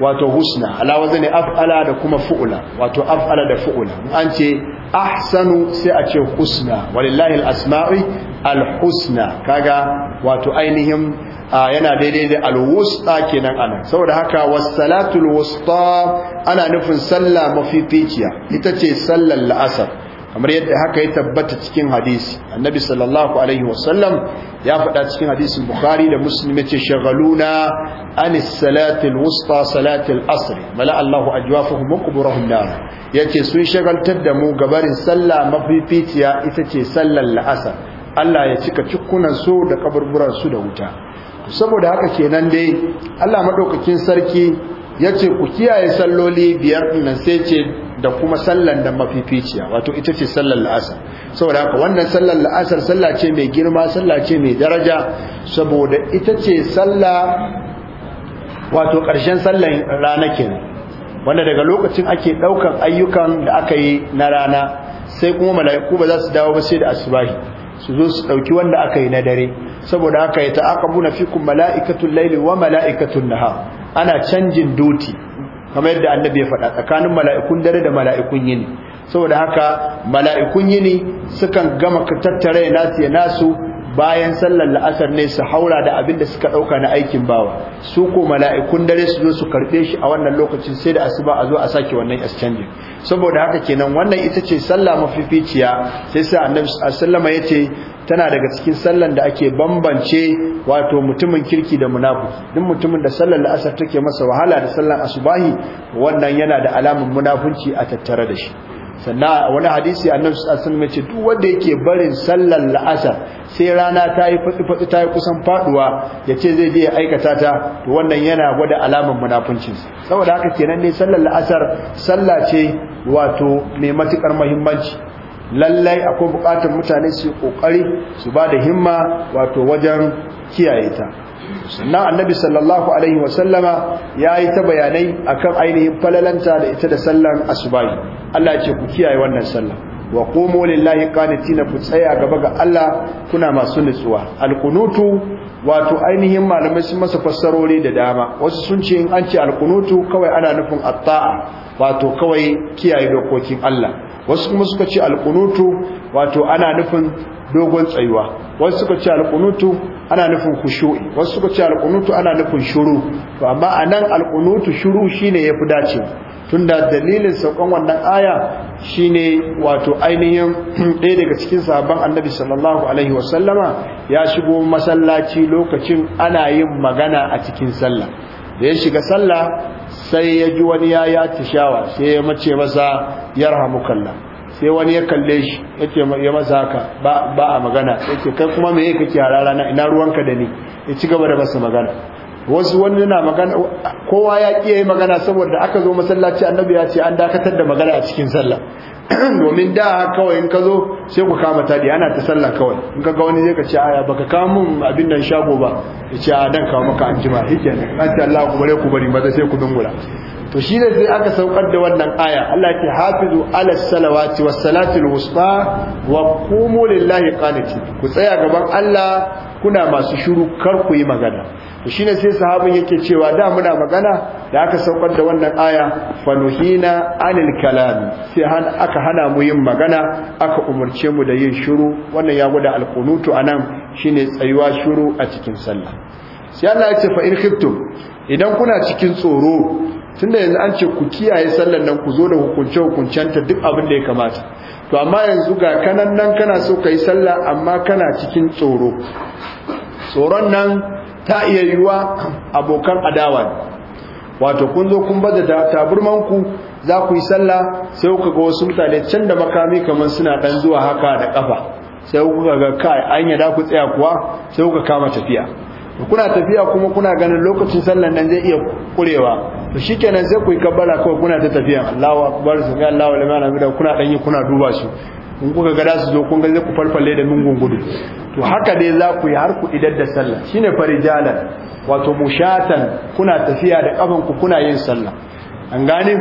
wato husna alawaza ne af'ala da kuma fu'ula wato af'ala da fu'ula an ce ahsanu sai a ce husna walillahi al-asma'i al-husna kaga wato ainihin Ah, yana daidai da alwusta kenan anan saboda haka wassalatul wusta ana nufin sallah mafificiya ita ce sallar la'asar kamar yadda haka ya tabbata cikin hadisi annabi sallallahu alaihi wasallam ya faɗa cikin hadisin bukhari da muslim yace shagaluna anis salatul wusta salatul asr mala allahu ajwafahum quburahum nar yace sun shagaltar da mu gabarin sallah mafificiya ita ce sallar la'asar Allah ya cika cikunan su da kaburburan su da wuta saboda haka kenan dai Allah madaukakin sarki ya ce ku kiyaye salloli biyar nan sai ce da kuma sallan da mafificiya wato ita ce sallar la'asar saboda haka wannan sallar la'asar salla ce mai girma salla ce mai daraja saboda ita ce salla wato ƙarshen sallan rana kenan wanda daga lokacin ake ɗaukan ayyukan da aka yi na rana sai kuma mala'iku ba za su dawo ba sai da asubahi su zo su ɗauki wanda aka yi na dare saboda haka ya ta'aqabu na fikum mala'ikatul layli wa mala'ikatun nahar ana canjin duti kamar yadda annabi ya faɗa tsakanin mala'ikun dare da mala'ikun yini saboda haka mala'ikun yini sukan gama tattare nasu ya nasu bayan sallar la'asar ne su haura da abin da suka ɗauka na aikin bawa su ko mala'ikun dare su zo su karɓe shi a wannan lokacin sai da asuba a zo a sake wannan exchange saboda haka kenan wannan ita ce sallah mafificiya sai sai annabi sallama ya ce tana daga cikin sallan da ake bambance wato mutumin kirki da munafiki duk mutumin da sallar la'asar take masa wahala da sallar asubahi wannan yana da alamun munafunci a tattare da shi sannan wani hadisi annabi sallallahu alaihi ce duk wanda yake barin sallar la'asar sai rana ta yi fatsi fatsi ta yi kusan faduwa yace zai je ya aikata ta to wannan yana gwada alamar munafincin saboda haka kenan ne sallar la'asar salla ce wato mai matukar muhimmanci lallai akwai bukatar mutane su yi kokari su ba da himma wato wajen kiyaye ta nan annabi sallallahu alaihi wasallama ya yi ta bayanai akan ainihin falalanta da ita da sallan asubahi Allah ce ku kiyaye wannan sallah wa komo lillahi na ku tsaya gaba ga Allah kuna masu nutsuwa Alkunutu, wato ainihin malamai sun masa fassarori da dama wasu sun ce in an ce alkunutu kawai ana nufin atta'a wato kawai kiyaye dokokin Allah wasu kuma suka ce alqunutu wato ana nufin dogon tsayuwa wasu suka ce alqunutu ana nufin khushu'i wasu suka ce alqunutu ana nufin shuru to amma anan alqunutu shuru shine yafi dace tunda dalilin saukan wannan aya shine wato ainihin ɗaya daga cikin sahabban annabi sallallahu alaihi wasallama ya shigo masallaci lokacin ana yin magana a cikin sallah da ya shiga sallah sai ya ji wani ya ya tishawa sai ya mace masa yarhamukallah sai wani ya kalle shi yake ya masa haka ba a magana yake kai kuma me kake harara na ina ruwanka da ni ya ci gaba da masa magana wasu wani na magana kowa ya kiye magana saboda aka zo masallaci annabi ya ce an dakatar da magana a cikin sallah domin da kawai in ka zo sai ku kama tadi ana ta sallah kawai in ka ga wani zai ka ce aya baka kawo mun abin nan shago ba ya ce a dan kawo maka an jima shikenan an ce Allah ku bare ku bari maza sai ku dungura to shi ne sai aka saukar da wannan aya Allah ke hafizu ala salawati was salatil wusta wa qumu lillahi qanitin ku tsaya gaban Allah kuna masu shiru kar ku yi magana to shi ne sai sahabin yake cewa da muna magana da aka saukar da wannan aya fanuhina anil kalam sai aka hana mu yin magana aka umurce mu da yin shiru wannan ya gwada alqunutu anan shine tsayuwa shiru a cikin sallah sai Allah ya ce fa in khiftum idan kuna cikin tsoro tunda yanzu an ce ku kiyaye sallar nan ku zo da hukunce hukuncenta duk abin da ya kamata to amma yanzu ga kanan nan kana so ka yi sallah amma kana cikin tsoro tsoron nan ta iya yiwuwa abokan adawa wato kun zo kun baza da taburmanku za ku yi sallah sai kuka ga wasu mutane can da makami kamar suna dan zuwa haka da kafa sai kuka ga kai an yada ku tsaya kuwa sai kuka kama tafiya kuna tafiya kuma kuna ganin lokacin sallan nan zai iya kurewa to shikenan sai ku yi kabbala kawai kuna ta tafiya Allahu akbar ga Allahu ilaha illa kuna dan yi kuna duba su kun kuka ga su zo kun ga zai ku da mingun gudu to haka dai za ku yi har ku idar da sallah shine farijalan wato mushatan kuna tafiya da kafan ku kuna yin sallah an gane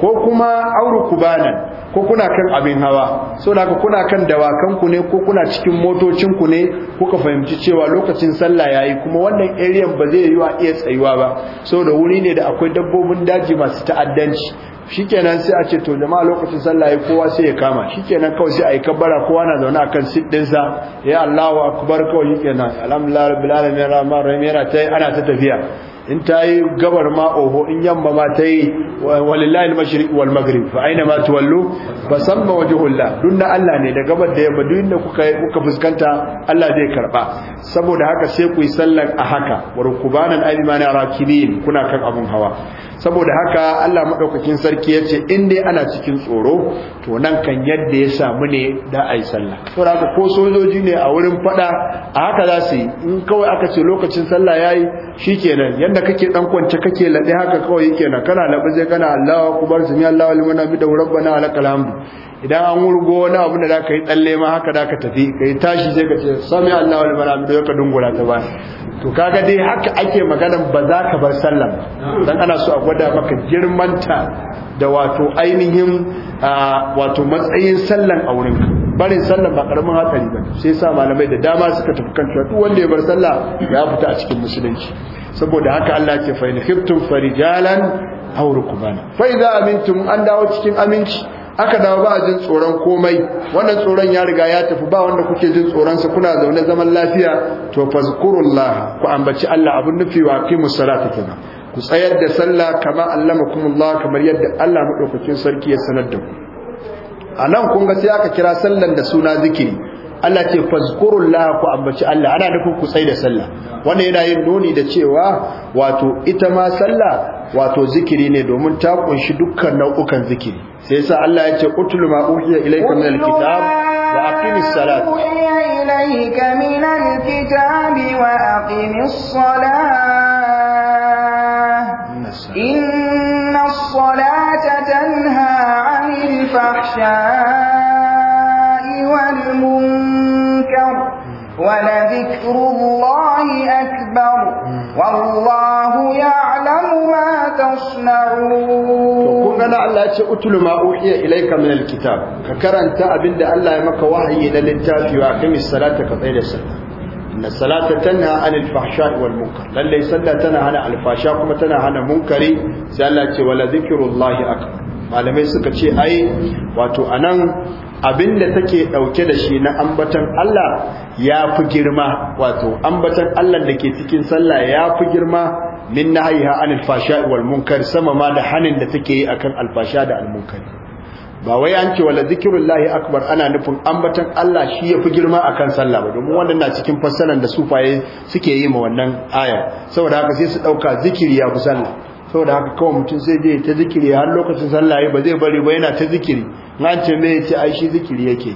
ko kuma auru kubanan ko kuna kan abin hawa so da kuna kan dawakanku ne ko kuna cikin motocinku ne kuka fahimci cewa lokacin sallah yayi kuma wannan area ba zai yi wa iya tsayuwa ba so da wuri ne da akwai dabbobin daji masu ta'addanci shikenan sai a ce to jama'a lokacin sallah yayi kowa sai ya kama shikenan kawai sai ayi kabbara kowa na zaune akan sit din sa ya Allahu akbar kawai shikenan alhamdulillahi rabbil alamin ta rahim ana ta tafiya in ta yi gabar ma in yamma ma ta yi walillahi al-mashriq wal maghrib fa aina ma tuwallu fa samma wajhullah dun na Allah ne da gabar da yamma duk inda kuka kuka fuskanta Allah zai karba saboda haka sai ku yi sallar a haka warkubanan aymani rakibin kuna kan abun hawa saboda haka Allah madaukakin sarki yace in dai ana cikin tsoro to nan kan yadda ya samu ne da ai sallah to haka ko sojoji ne a wurin fada a haka za su yi in kawai aka ce lokacin sallah yayi shikenan inda kake dan kwance kake laɗe haka kawai yake na kana laɓe sai kana Allahu sami Allahu liman rabbana lakal idan an wurgo wani abu da zaka yi tsalle ma haka ka tafi kai tashi sai ka ce sami Allahu liman da ka dungura ta ba to kaga dai haka ake magana ba za ka bar sallah ba dan ana so a gwada maka girmanta da wato ainihin wato matsayin sallan a ka. barin sallan ba karamin hatsari ba sai sa malamai da dama suka tafi kan cewa duk wanda ya bar sallah ya fita a cikin musulunci saboda haka Allah ce fa in khiftum farijalan aw rukbana fa idza amintum an dawo cikin aminci aka dawo ba jin tsoron komai wannan tsoron ya riga ya tafi ba wanda kuke jin tsoron sa kuna zaune zaman lafiya to fazkurullah ku ambaci Allah abun nufi wa fi musallati kuma ku tsayar da sallah kama allamakumullah kamar yadda Allah madaukakin sarki ya sanar da ku anan kun ga sai aka kira sallan da suna zikiri Allah ce fazkurullah ku ambaci Allah ana da ku tsai da sallah wannan yana yin nuni da cewa wato ita ma sallah wato zikiri ne domin ta kunshi dukkan nau'ukan zikiri sai yasa Allah ya ce utul ma uhiya ilayka min alkitab wa aqimis salat ilayka min alkitab wa aqimis salat inna as-salata tanha 'anil fahsha'i wal munkar ولذكر الله أكبر والله يعلم ما تصنعون kun gana ka karanta abinda Allah ya maka wahayi da littafi wa aqimis salata da sallah inna salata tanha anil fahsha'i wal munkar lalle sallah tana hana alfasha kuma tana hana munkari sai Allah ya ce suka ce wato abinda take dauke da shi na ambatan Allah ya fi girma wato ambatan Allah da ke cikin sallah ya fi girma min nahyiha anil fasha wal munkar sama ma da hanin da take yi akan alfasha da munkar ba wai an ce wala zikrullahi akbar ana nufin ambatan Allah shi ya fi girma akan sallah ba domin wannan na cikin fassarar da sufaye suke yi ma wannan aya saboda haka sai su dauka zikiri ya fi sallah saboda haka kawai mutum sai zai ta zikiri har lokacin sallah ba zai bari ba yana ta zikiri nan ce me yace ai shi zikiri yake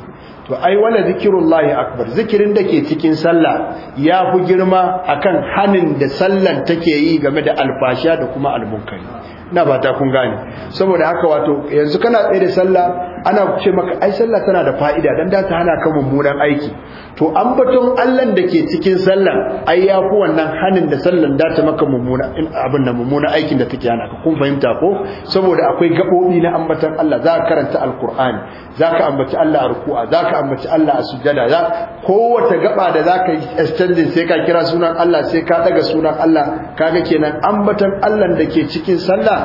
to ai wala zikirullahi akbar zikirin da ke cikin sallah ya fi girma akan hanin da sallan take yi game da alfasha da kuma albunkari. ina ba ta kun gane saboda haka wato yanzu kana tsaye da sallah ana ce maka ai sallah tana da fa'ida dan da ta hana ka mummunan aiki to ambaton Allah da ke cikin sallah ai ya fi wannan hanin da sallan da ta maka mummuna abin da mummuna aikin da take hana ka kun fahimta ko saboda akwai gabobi na ambaton Allah za ka karanta alqur'ani za ka ambaci Allah a ruku'a za ka ambaci Allah a sujjada za kowace gaba da za ka yi extending sai ka kira sunan Allah sai ka daga sunan Allah kaga kenan ambaton Allah da ke cikin sallah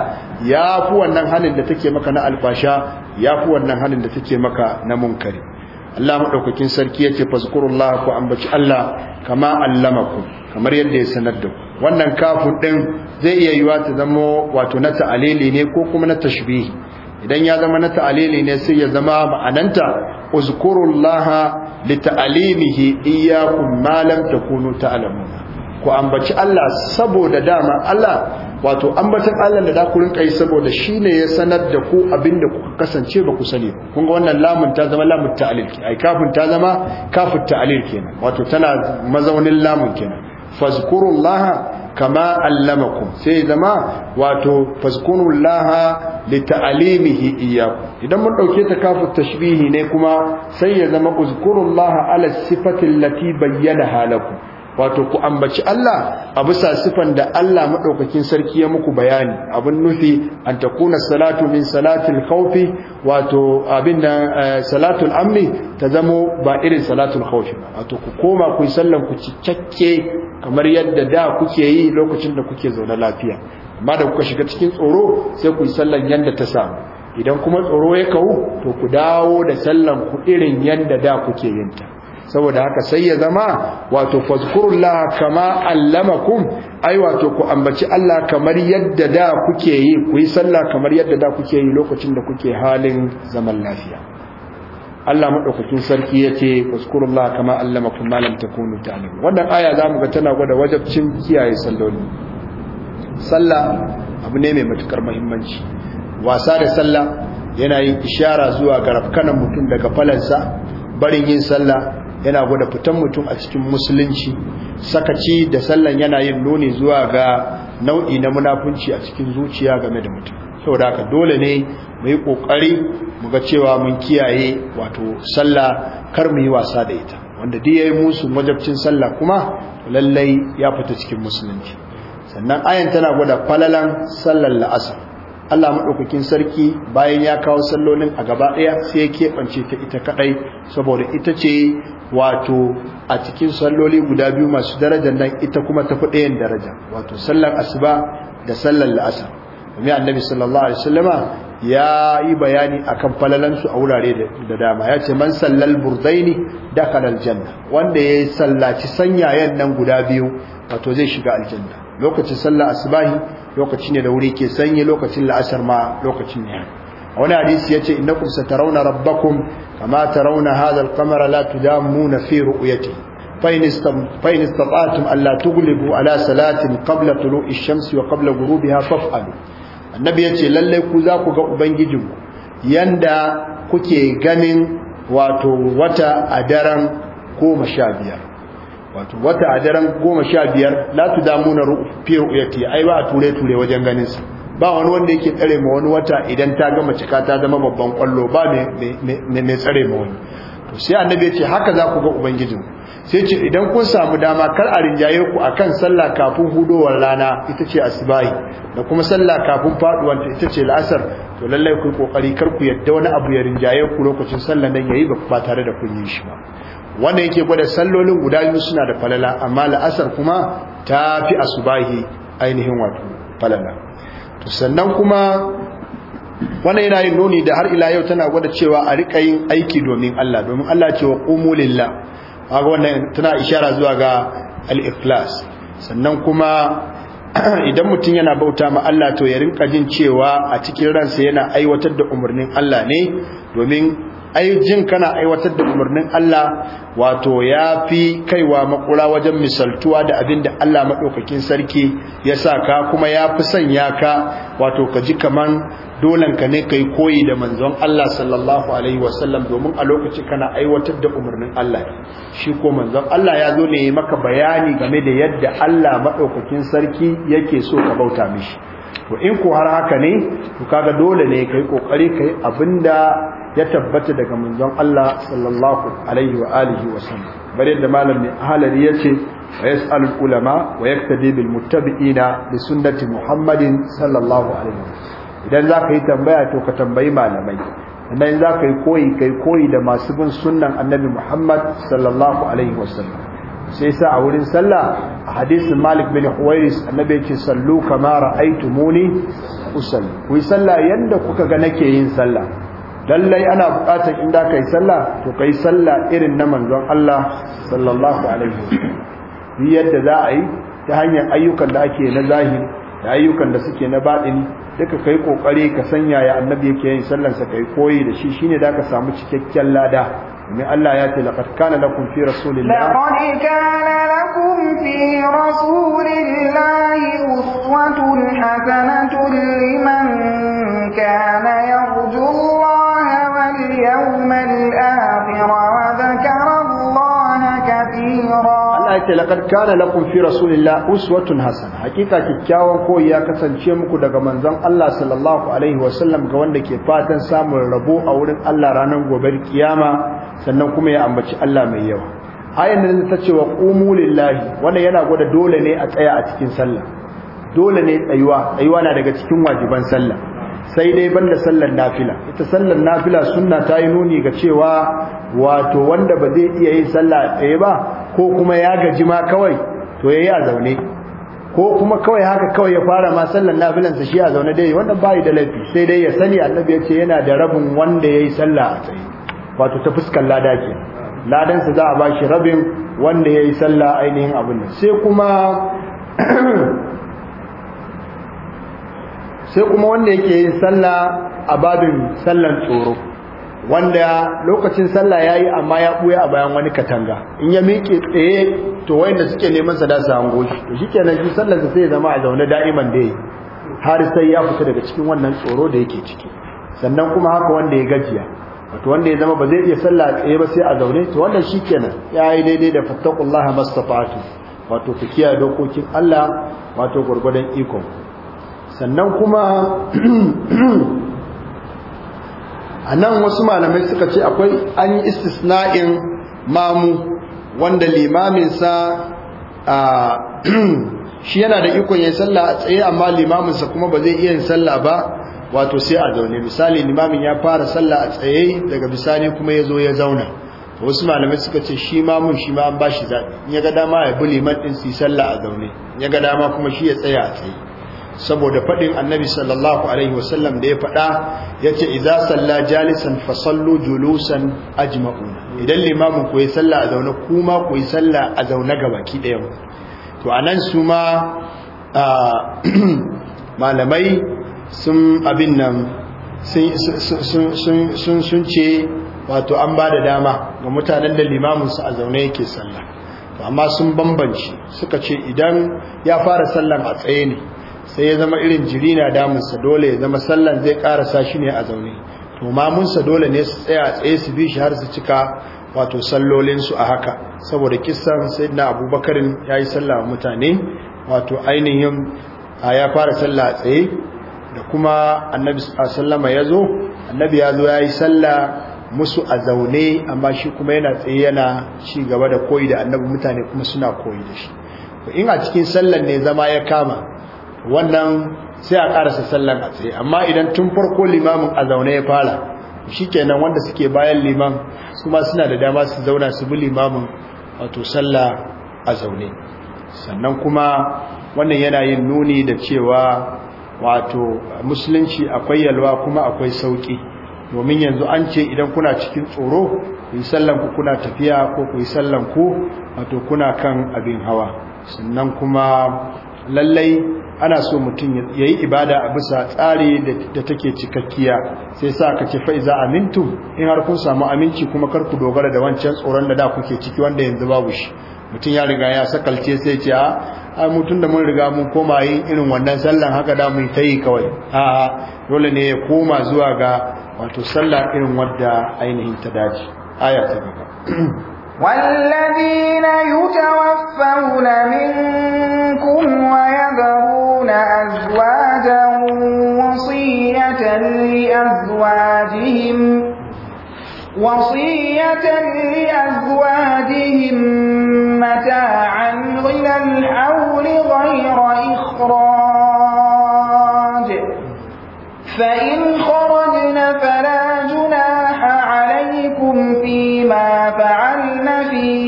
ya fi wannan halin da take maka na alfasha ya fi wannan halin da take maka na munkari Allah maɗaukakin sarki yace fazkurullah ku ambaci Allah kama allamaku kamar yadda ya sanar da ku wannan kafin ɗin zai iya yiwa ta zama wato na ta'alili ne ko kuma na tashbihi idan ya zama na ta'alili ne sai ya zama ma'ananta uzkurullaha lita'alimihi iyyakum ma lam takunu ta'lamuna ku ambaci Allah saboda dama Allah wato ambatan Allah da da ku rinka yi saboda shine ya sanar da ku abinda kuka kasance ba ku sani kun ga wannan lamun ta zama lamun ta'lil ai kafin ta zama kafin ta'lil kenan wato tana mazaunin lamun kenan fazkurullaha kama allamakum sai zama wato fazkurullaha lita'alimihi iyyakum idan mun dauke ta kafin tashbihi ne kuma sai ya zama uzkurullaha ala sifati allati bayyana halakum wato ku ambaci Allah a bisa sifan da Allah madaukakin sarki ya muku bayani abin nufi an takuna salatu min salatil khawfi wato abinda eh, salatul amni ta zamo ba irin salatul khawfi ba wato ku koma ku yi sallan ku cikakke kamar yadda da kuke yi lokacin da kuke zaune lafiya amma da kuka shiga cikin tsoro sai ku yi sallan yadda ta samu idan kuma tsoro ya kawo to ku dawo da sallan ku irin yadda da kuke yin ta saboda haka sai ya zama wato fazkurullah kama allamakum ai wato ku ambaci Allah kamar yadda da kuke yi ku yi sallah kamar yadda da kuke yi lokacin da kuke halin zaman lafiya Allah madaukakin sarki yace fazkurullah kama allamakum ma lam takunu ta'lamun wannan aya zamu ga tana gwada wajabcin kiyaye salloli sallah abu ne mai matukar muhimmanci wasa da sallah yana yin ishara zuwa ga mutum daga falansa barin yin sallah yana gwada fitan mutum a cikin musulunci sakaci da sallan yana yin nuni zuwa ga nau'i na munafunci a cikin zuciya game da mutum saboda haka dole ne mu yi kokari mu ga cewa mun kiyaye wato sallah kar mu yi wasa da ita wanda duk yayi musu wajabcin sallah kuma lallai ya fita cikin musulunci sannan ayan tana gwada falalan sallar la'asar Allah maɗaukakin sarki bayan ya kawo sallolin a gaba ɗaya sai ya keɓance ta ita kaɗai saboda ita ce wato a cikin salloli guda biyu masu darajar nan ita kuma tafi ɗayan daraja wato sallar asuba da sallar la'asar domin annabi sallallahu alaihi wasallama ya yi bayani a kan falalansu a wurare da dama ya ce man sallal burdaini dakhala aljanna wanda ya sallaci sanyayen nan guda biyu wato zai shiga aljanna lokacin sallar asbahi lokaci ne da wuri ke sanyi lokacin la'asar ma lokacin ne a wani hadisi ya ce innakum satarawna rabbakum kama rauna hadha alqamara la tudammuna fi ru'yatihi فإن استطعتم ألا تغلبوا على Kabla قبل طلوع الشمس Gurubi, غروبها فافعلوا annabi ya ce lallai ku za ku ga ubangijinku yanda kuke ganin wato wata a daren goma sha biyar wato wata a daren goma sha biyar latu damunar fiye uyati ai ba a ture-ture wajen ganinsa ba wani wanda yake tsare ma wani wata idan ta gama cika ta zama babban kwallo ba mai tsare ma wani sai annabi yace haka za ku ga ubangijin sai ce idan kun samu dama kar a rinjaye ku akan sallah kafin hudowar rana ita ce asbahi da kuma sallah kafin faduwar ta ita ce la'asar to lallai ku kokari kar ku yadda wani abu ya rinjaye ku lokacin sallah nan yayi ba tare da kun yi shi ba wannan yake gwada sallolin guda biyu suna da falala amma la'asar kuma ta fi asubahi ainihin wato falala sannan kuma wannan yana yin nuni da har ila yau tana gwada cewa a rika yin aiki domin Allah domin Allah ce wa kaga wannan tana ishara zuwa ga al-ikhlas sannan kuma idan mutum yana bauta ma Allah to ya rinka jin cewa a cikin ransa yana aiwatar da umarnin Allah ne domin jin kana aiwatar da umarnin Allah wato ya fi kaiwa makura wajen misaltuwa da abin da Allah maɗaukakin sarki ya sa ka kuma ya fi sanya ka wato ka ji kaman dolanka ne kai koyi da manzon Allah sallallahu alaihi wasallam domin a lokaci kana aiwatar da umarnin Allah shi ko manzon Allah ya zo ne maka bayani game da yadda Allah madaukakin sarki yake so ka bauta mishi to in ko har haka ne to kaga dole ne kai kokari kai abinda ya tabbata daga manzon Allah sallallahu alaihi wa alihi wasallam bare malam ne ahalari yace wa yas'al ulama wa yaktadi bil muttabi'ina li sunnati muhammadin sallallahu alaihi wasallam idan za ka yi tambaya to ka tambayi malamai sannan za ka yi koyi kai koyi da masu bin sunnan annabi muhammad sallallahu alaihi wasallam sai sa a wurin sallah a hadisin malik bin huwairis annabi yake sallu kama ra'aytumuni usalli ku yi sallah yanda kuka ga nake yin sallah lallai ana bukatar inda ka yi sallah to ka yi sallah irin na manzon Allah sallallahu alaihi wasallam yadda za a yi ta hanyar ayyukan da ake na zahiri da ayyukan da suke na baɗini duka kai kokari ka sanya ya annabi yake yin sallarsa kayi kai koyi da shi shine da ka samu cikakken lada domin Allah ya ce laqad kana lakum fi rasulillahi laqad kana lakum fi rasulillahi uswatun hasanatun liman kana ayati laqad kana lakum fi rasulillah uswatun hasana hakika kikkiawan koyi ya kasance muku daga manzon Allah sallallahu alaihi wasallam ga wanda ke fatan samun rabo a wurin Allah ranar gobe kiyama sannan kuma ya ambaci Allah mai yawa ayan nan ta ce wa qumu lillahi wanda yana gwada dole ne a tsaya a cikin sallah dole ne tsayuwa tsayuwa na daga cikin wajiban sallah sai dai banda sallar nafila ita sallar nafila sunna ta yi nuni ga cewa wato wanda ba zai iya yin sallah tsaye ba ko kuma ya gaji ma kawai to yayi a zaune ko kuma kawai haka kawai ya fara ma sallan sa shi a zaune dai wannan bai da laifi sai dai ya sani Allah ya ce yana da rabin wanda yayi sallah a tsaye wato ta fuskar lada ke ladan sa za a ba shi rabin wanda yayi sallah ainihin abin nan sai kuma sai kuma wanda yake yin sallah a babin sallan tsoro wanda lokacin sallah yayi amma ya buya a bayan wani katanga in ya miƙe tsaye to wayanda suke neman sa da su hango shi to shikenan shi sallar sa sai zama a zaune da'iman da yayi har sai ya fita daga cikin wannan tsoro da yake ciki sannan kuma haka wanda ya gajiya wato wanda ya zama ba zai iya sallah tsaye ba sai a zaune to wannan shikenan yayi daidai da fattaqullaha mastafatu wato fikiya dokokin Allah wato gurgurdan iko sannan kuma a nan wasu malamai suka ce akwai an yi istisna'in mamu wanda limaminsa a shi yana da ikon yin sallah a tsaye amma limaminsa kuma ba zai iya yin sallah ba wato sai a zaune misali limamin ya fara sallah a tsaye daga bisani kuma ya zo ya zauna wasu malamai suka ce shi mamun shi ma an ba shi zaɓi ya ga dama ya bi liman ɗin su yi sallah a zaune ya ga dama kuma shi ya tsaya a tsaye saboda faɗin annabi sallallahu alaihi wasallam da ya faɗa ya ce iza salla jalisan fasallu julusan ajma'u idan limamin ku yi salla a zaune kuma ku yi salla a zaune ga baki ɗaya to a su ma malamai sun abin nan sun ce wato an ba da dama ga mutanen da su a zaune yake salla amma sun bambanci suka ce idan ya fara sallan a tsaye ne sai ya zama irin jiri na damunsa dole ya zama sallan zai karasa shi ne a zaune to mamunsa dole ne su tsaya tsaye su bi shi har su cika wato sallolinsu a haka saboda kisan sai na abubakarin ya yi sallah wa mutane wato ainihin ya fara sallah a tsaye da kuma annabi a sallama ya zo annabi ya zo ya yi sallah musu a zaune amma shi kuma yana tsaye yana ci gaba da koyi da annabi mutane kuma suna koyi da shi in a cikin sallan ne zama ya kama wannan sai a karasa sallan a tsaye amma idan tun farko limamin a zaune ya fara kenan wanda suke bayan liman su ma suna da dama su zauna su bi limamin wato salla a zaune sannan kuma wannan yana yin nuni da cewa wato musulunci akwai yalwa kuma akwai sauki domin yanzu an ce idan kuna cikin tsoro ku yi sallan ku kuna tafiya ko ku yi sallan ku wato kuna kan abin hawa sannan kuma lallai ana so mutum ya yi ibada a bisa tsari da take cikakkiya sai sa ka ce fa'iza amintu in har kun samu aminci kuma kar ku dogara da wancan tsoron da da kuke ciki wanda yanzu babu shi mutum ya riga ya sakalce sai ce a ah, a mutum da mun riga mun koma yin irin wannan sallan haka da mun tayi kawai a dole ne ya koma zuwa ga wato sallah irin wadda ainihin ta dace aya ta gaba والذين يتوفون منكم منكم ويذرون أزواجا وصية لأزواجهم وصية لأزواجهم متاعا غنى الحول غير إخراج فإن خرجن فلا جناح عليكم فيما فعلن في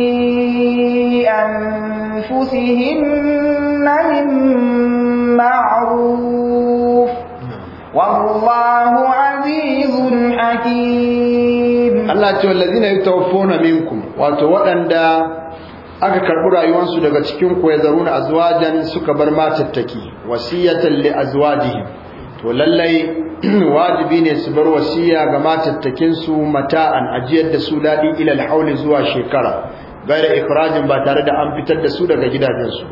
أن أنفسهن من معروف والله عزيز حكيم الله تعالى الذين يتوفون منكم وتوأن aka karɓi rayuwarsu daga cikin ku ya zaruna azwajan suka bar matattaki wasiyatan li azwajihim to lallai wajibi ne su bar wasiya ga matattakin su mata'an ajiyar da su dadi ila alhauli zuwa shekara gaira ikrajin ba tare da an fitar da su daga gidajensu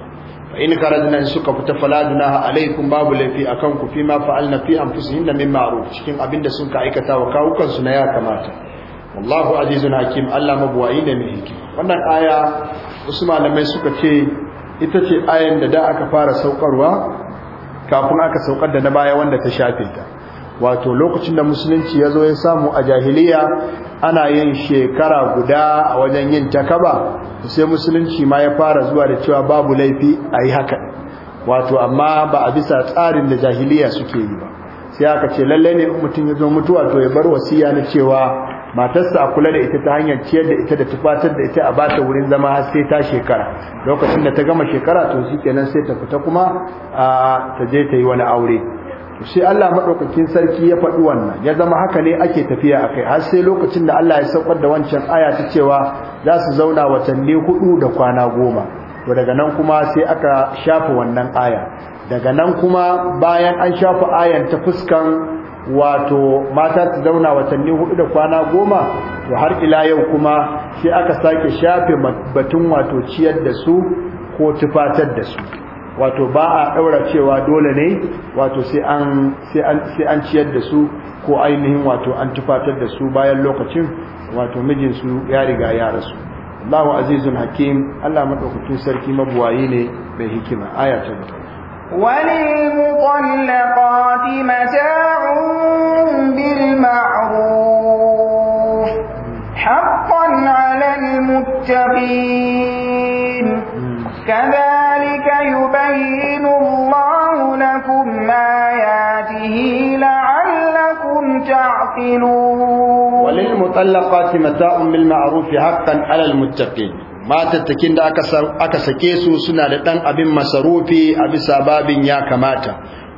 fa in karajna in suka fita faladuna alaikum babu lafi akan ku fima fa'alna fi anfusihim min ma'ruf cikin abinda sun ka aikata wa kawukan su na ya kamata wallahu azizun hakim Allah mabwayi ne mai hikima wannan aya wasu malamai suka ce ita ce ayan da da aka fara saukarwa kafin aka saukar da na baya wanda ta shafe ta wato lokacin da musulunci ya zo ya samu a jahiliya ana yin shekara guda a wajen yin takaba sai musulunci ma ya fara zuwa da cewa babu laifi a yi haka wato amma ba a bisa tsarin da jahiliya suke yi ba sai aka ce lalle ne in mutum ya zo mutuwa to ya bar wasiya na cewa matarsa a kula da ita ta hanyar ciyar da ita da tufatar da ita a ba ta wurin zama har sai ta shekara lokacin da ta gama shekara to kenan sai ta fita kuma ta je ta yi wani aure sai Allah madaukakin sarki ya faɗi wannan ya zama haka ne ake tafiya a kai. har sai lokacin da Allah ya saukar da wancan aya ta cewa za su zauna watanni hudu da kwana goma to daga nan kuma sai aka shafa wannan aya daga nan kuma bayan an shafa ayan ta fuskan wato mata su zauna watanni hudu da kwana goma to har ila yau kuma sai aka sake shafe batun wato ciyar da su ko tufatar da su wato ba a ɗaura cewa dole ne wato sai an ciyar da su ko ainihin wato an tufatar da su bayan lokacin wato mijinsu ya riga ya rasu Allahu azizun hakim Allah madaukakin sarki mabuwayi ne mai hikima aya ta gaba وللمطلقات متاع بالمعروف حقا على المتقين كذلك يبين الله لكم آياته لعلكم تعقلون وللمطلقات متاع بالمعروف حقا على المتقين matattakin da aka sake su suna da ɗan abin masarufi a bisa babin ya kamata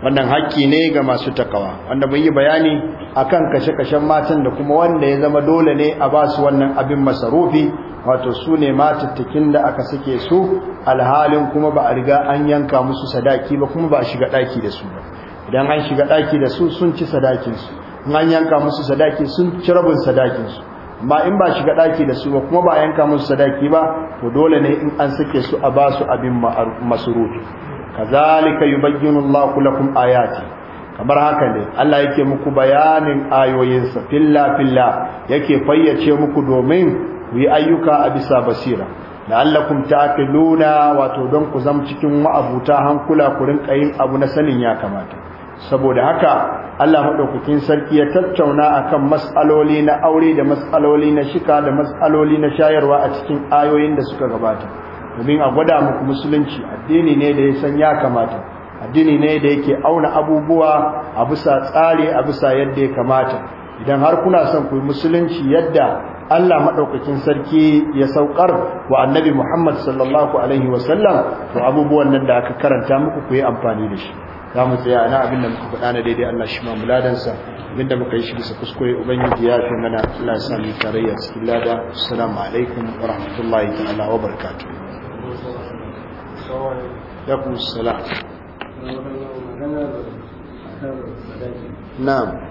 wannan haƙƙi ne ga masu takawa wanda mun yi bayani akan kashe-kashen matan da kuma wanda ya zama dole ne a ba su wannan abin masarufi wato su ne matattakin da aka sake su alhalin kuma ba a riga an yanka musu sadaki ba kuma ba a shiga ɗaki da su ba idan an shiga ɗaki da su sun ci sadakinsu in an yanka musu sadaki sun ci rabin sadakinsu amma in ba shiga ɗaki da su ba kuma ba a yanka musu sadaki ba to dole ne in an sake su a ba su abin masarufi kazalika yubayyinu Allahu lakum ayati kamar haka ne Allah yake muku bayanin ayoyinsa filla filla yake fayyace muku domin ku yi ayyuka a bisa basira la'allakum ta'qiluna wato don ku zama cikin wa'abuta hankula ku rinka yin abu na sanin ya kamata saboda haka Allah madaukakin sarki ya tattauna akan mas'aloli na aure da mas'aloli na shika da mas'aloli na shayarwa a cikin ayoyin da suka gabata domin a gwada muku musulunci addini ne da ya san ya kamata addini ne da yake auna abubuwa a bisa tsari a bisa yadda ya kamata idan har kuna son ku musulunci yadda Allah madaukakin sarki ya saukar wa annabi Muhammad sallallahu alaihi wa sallam, to abubuwan nan da aka karanta muku ku yi amfani da shi za mu tsaya ana abin da muka faɗa na daidai Allah shi ma sa, abin da muka yi shi bisa kuskure ubangiji ya fi mana Allah ya sami tarayya cikin lada assalamu alaikum wa rahmatullahi ta'ala wa barakatuh يقوم السلام نعم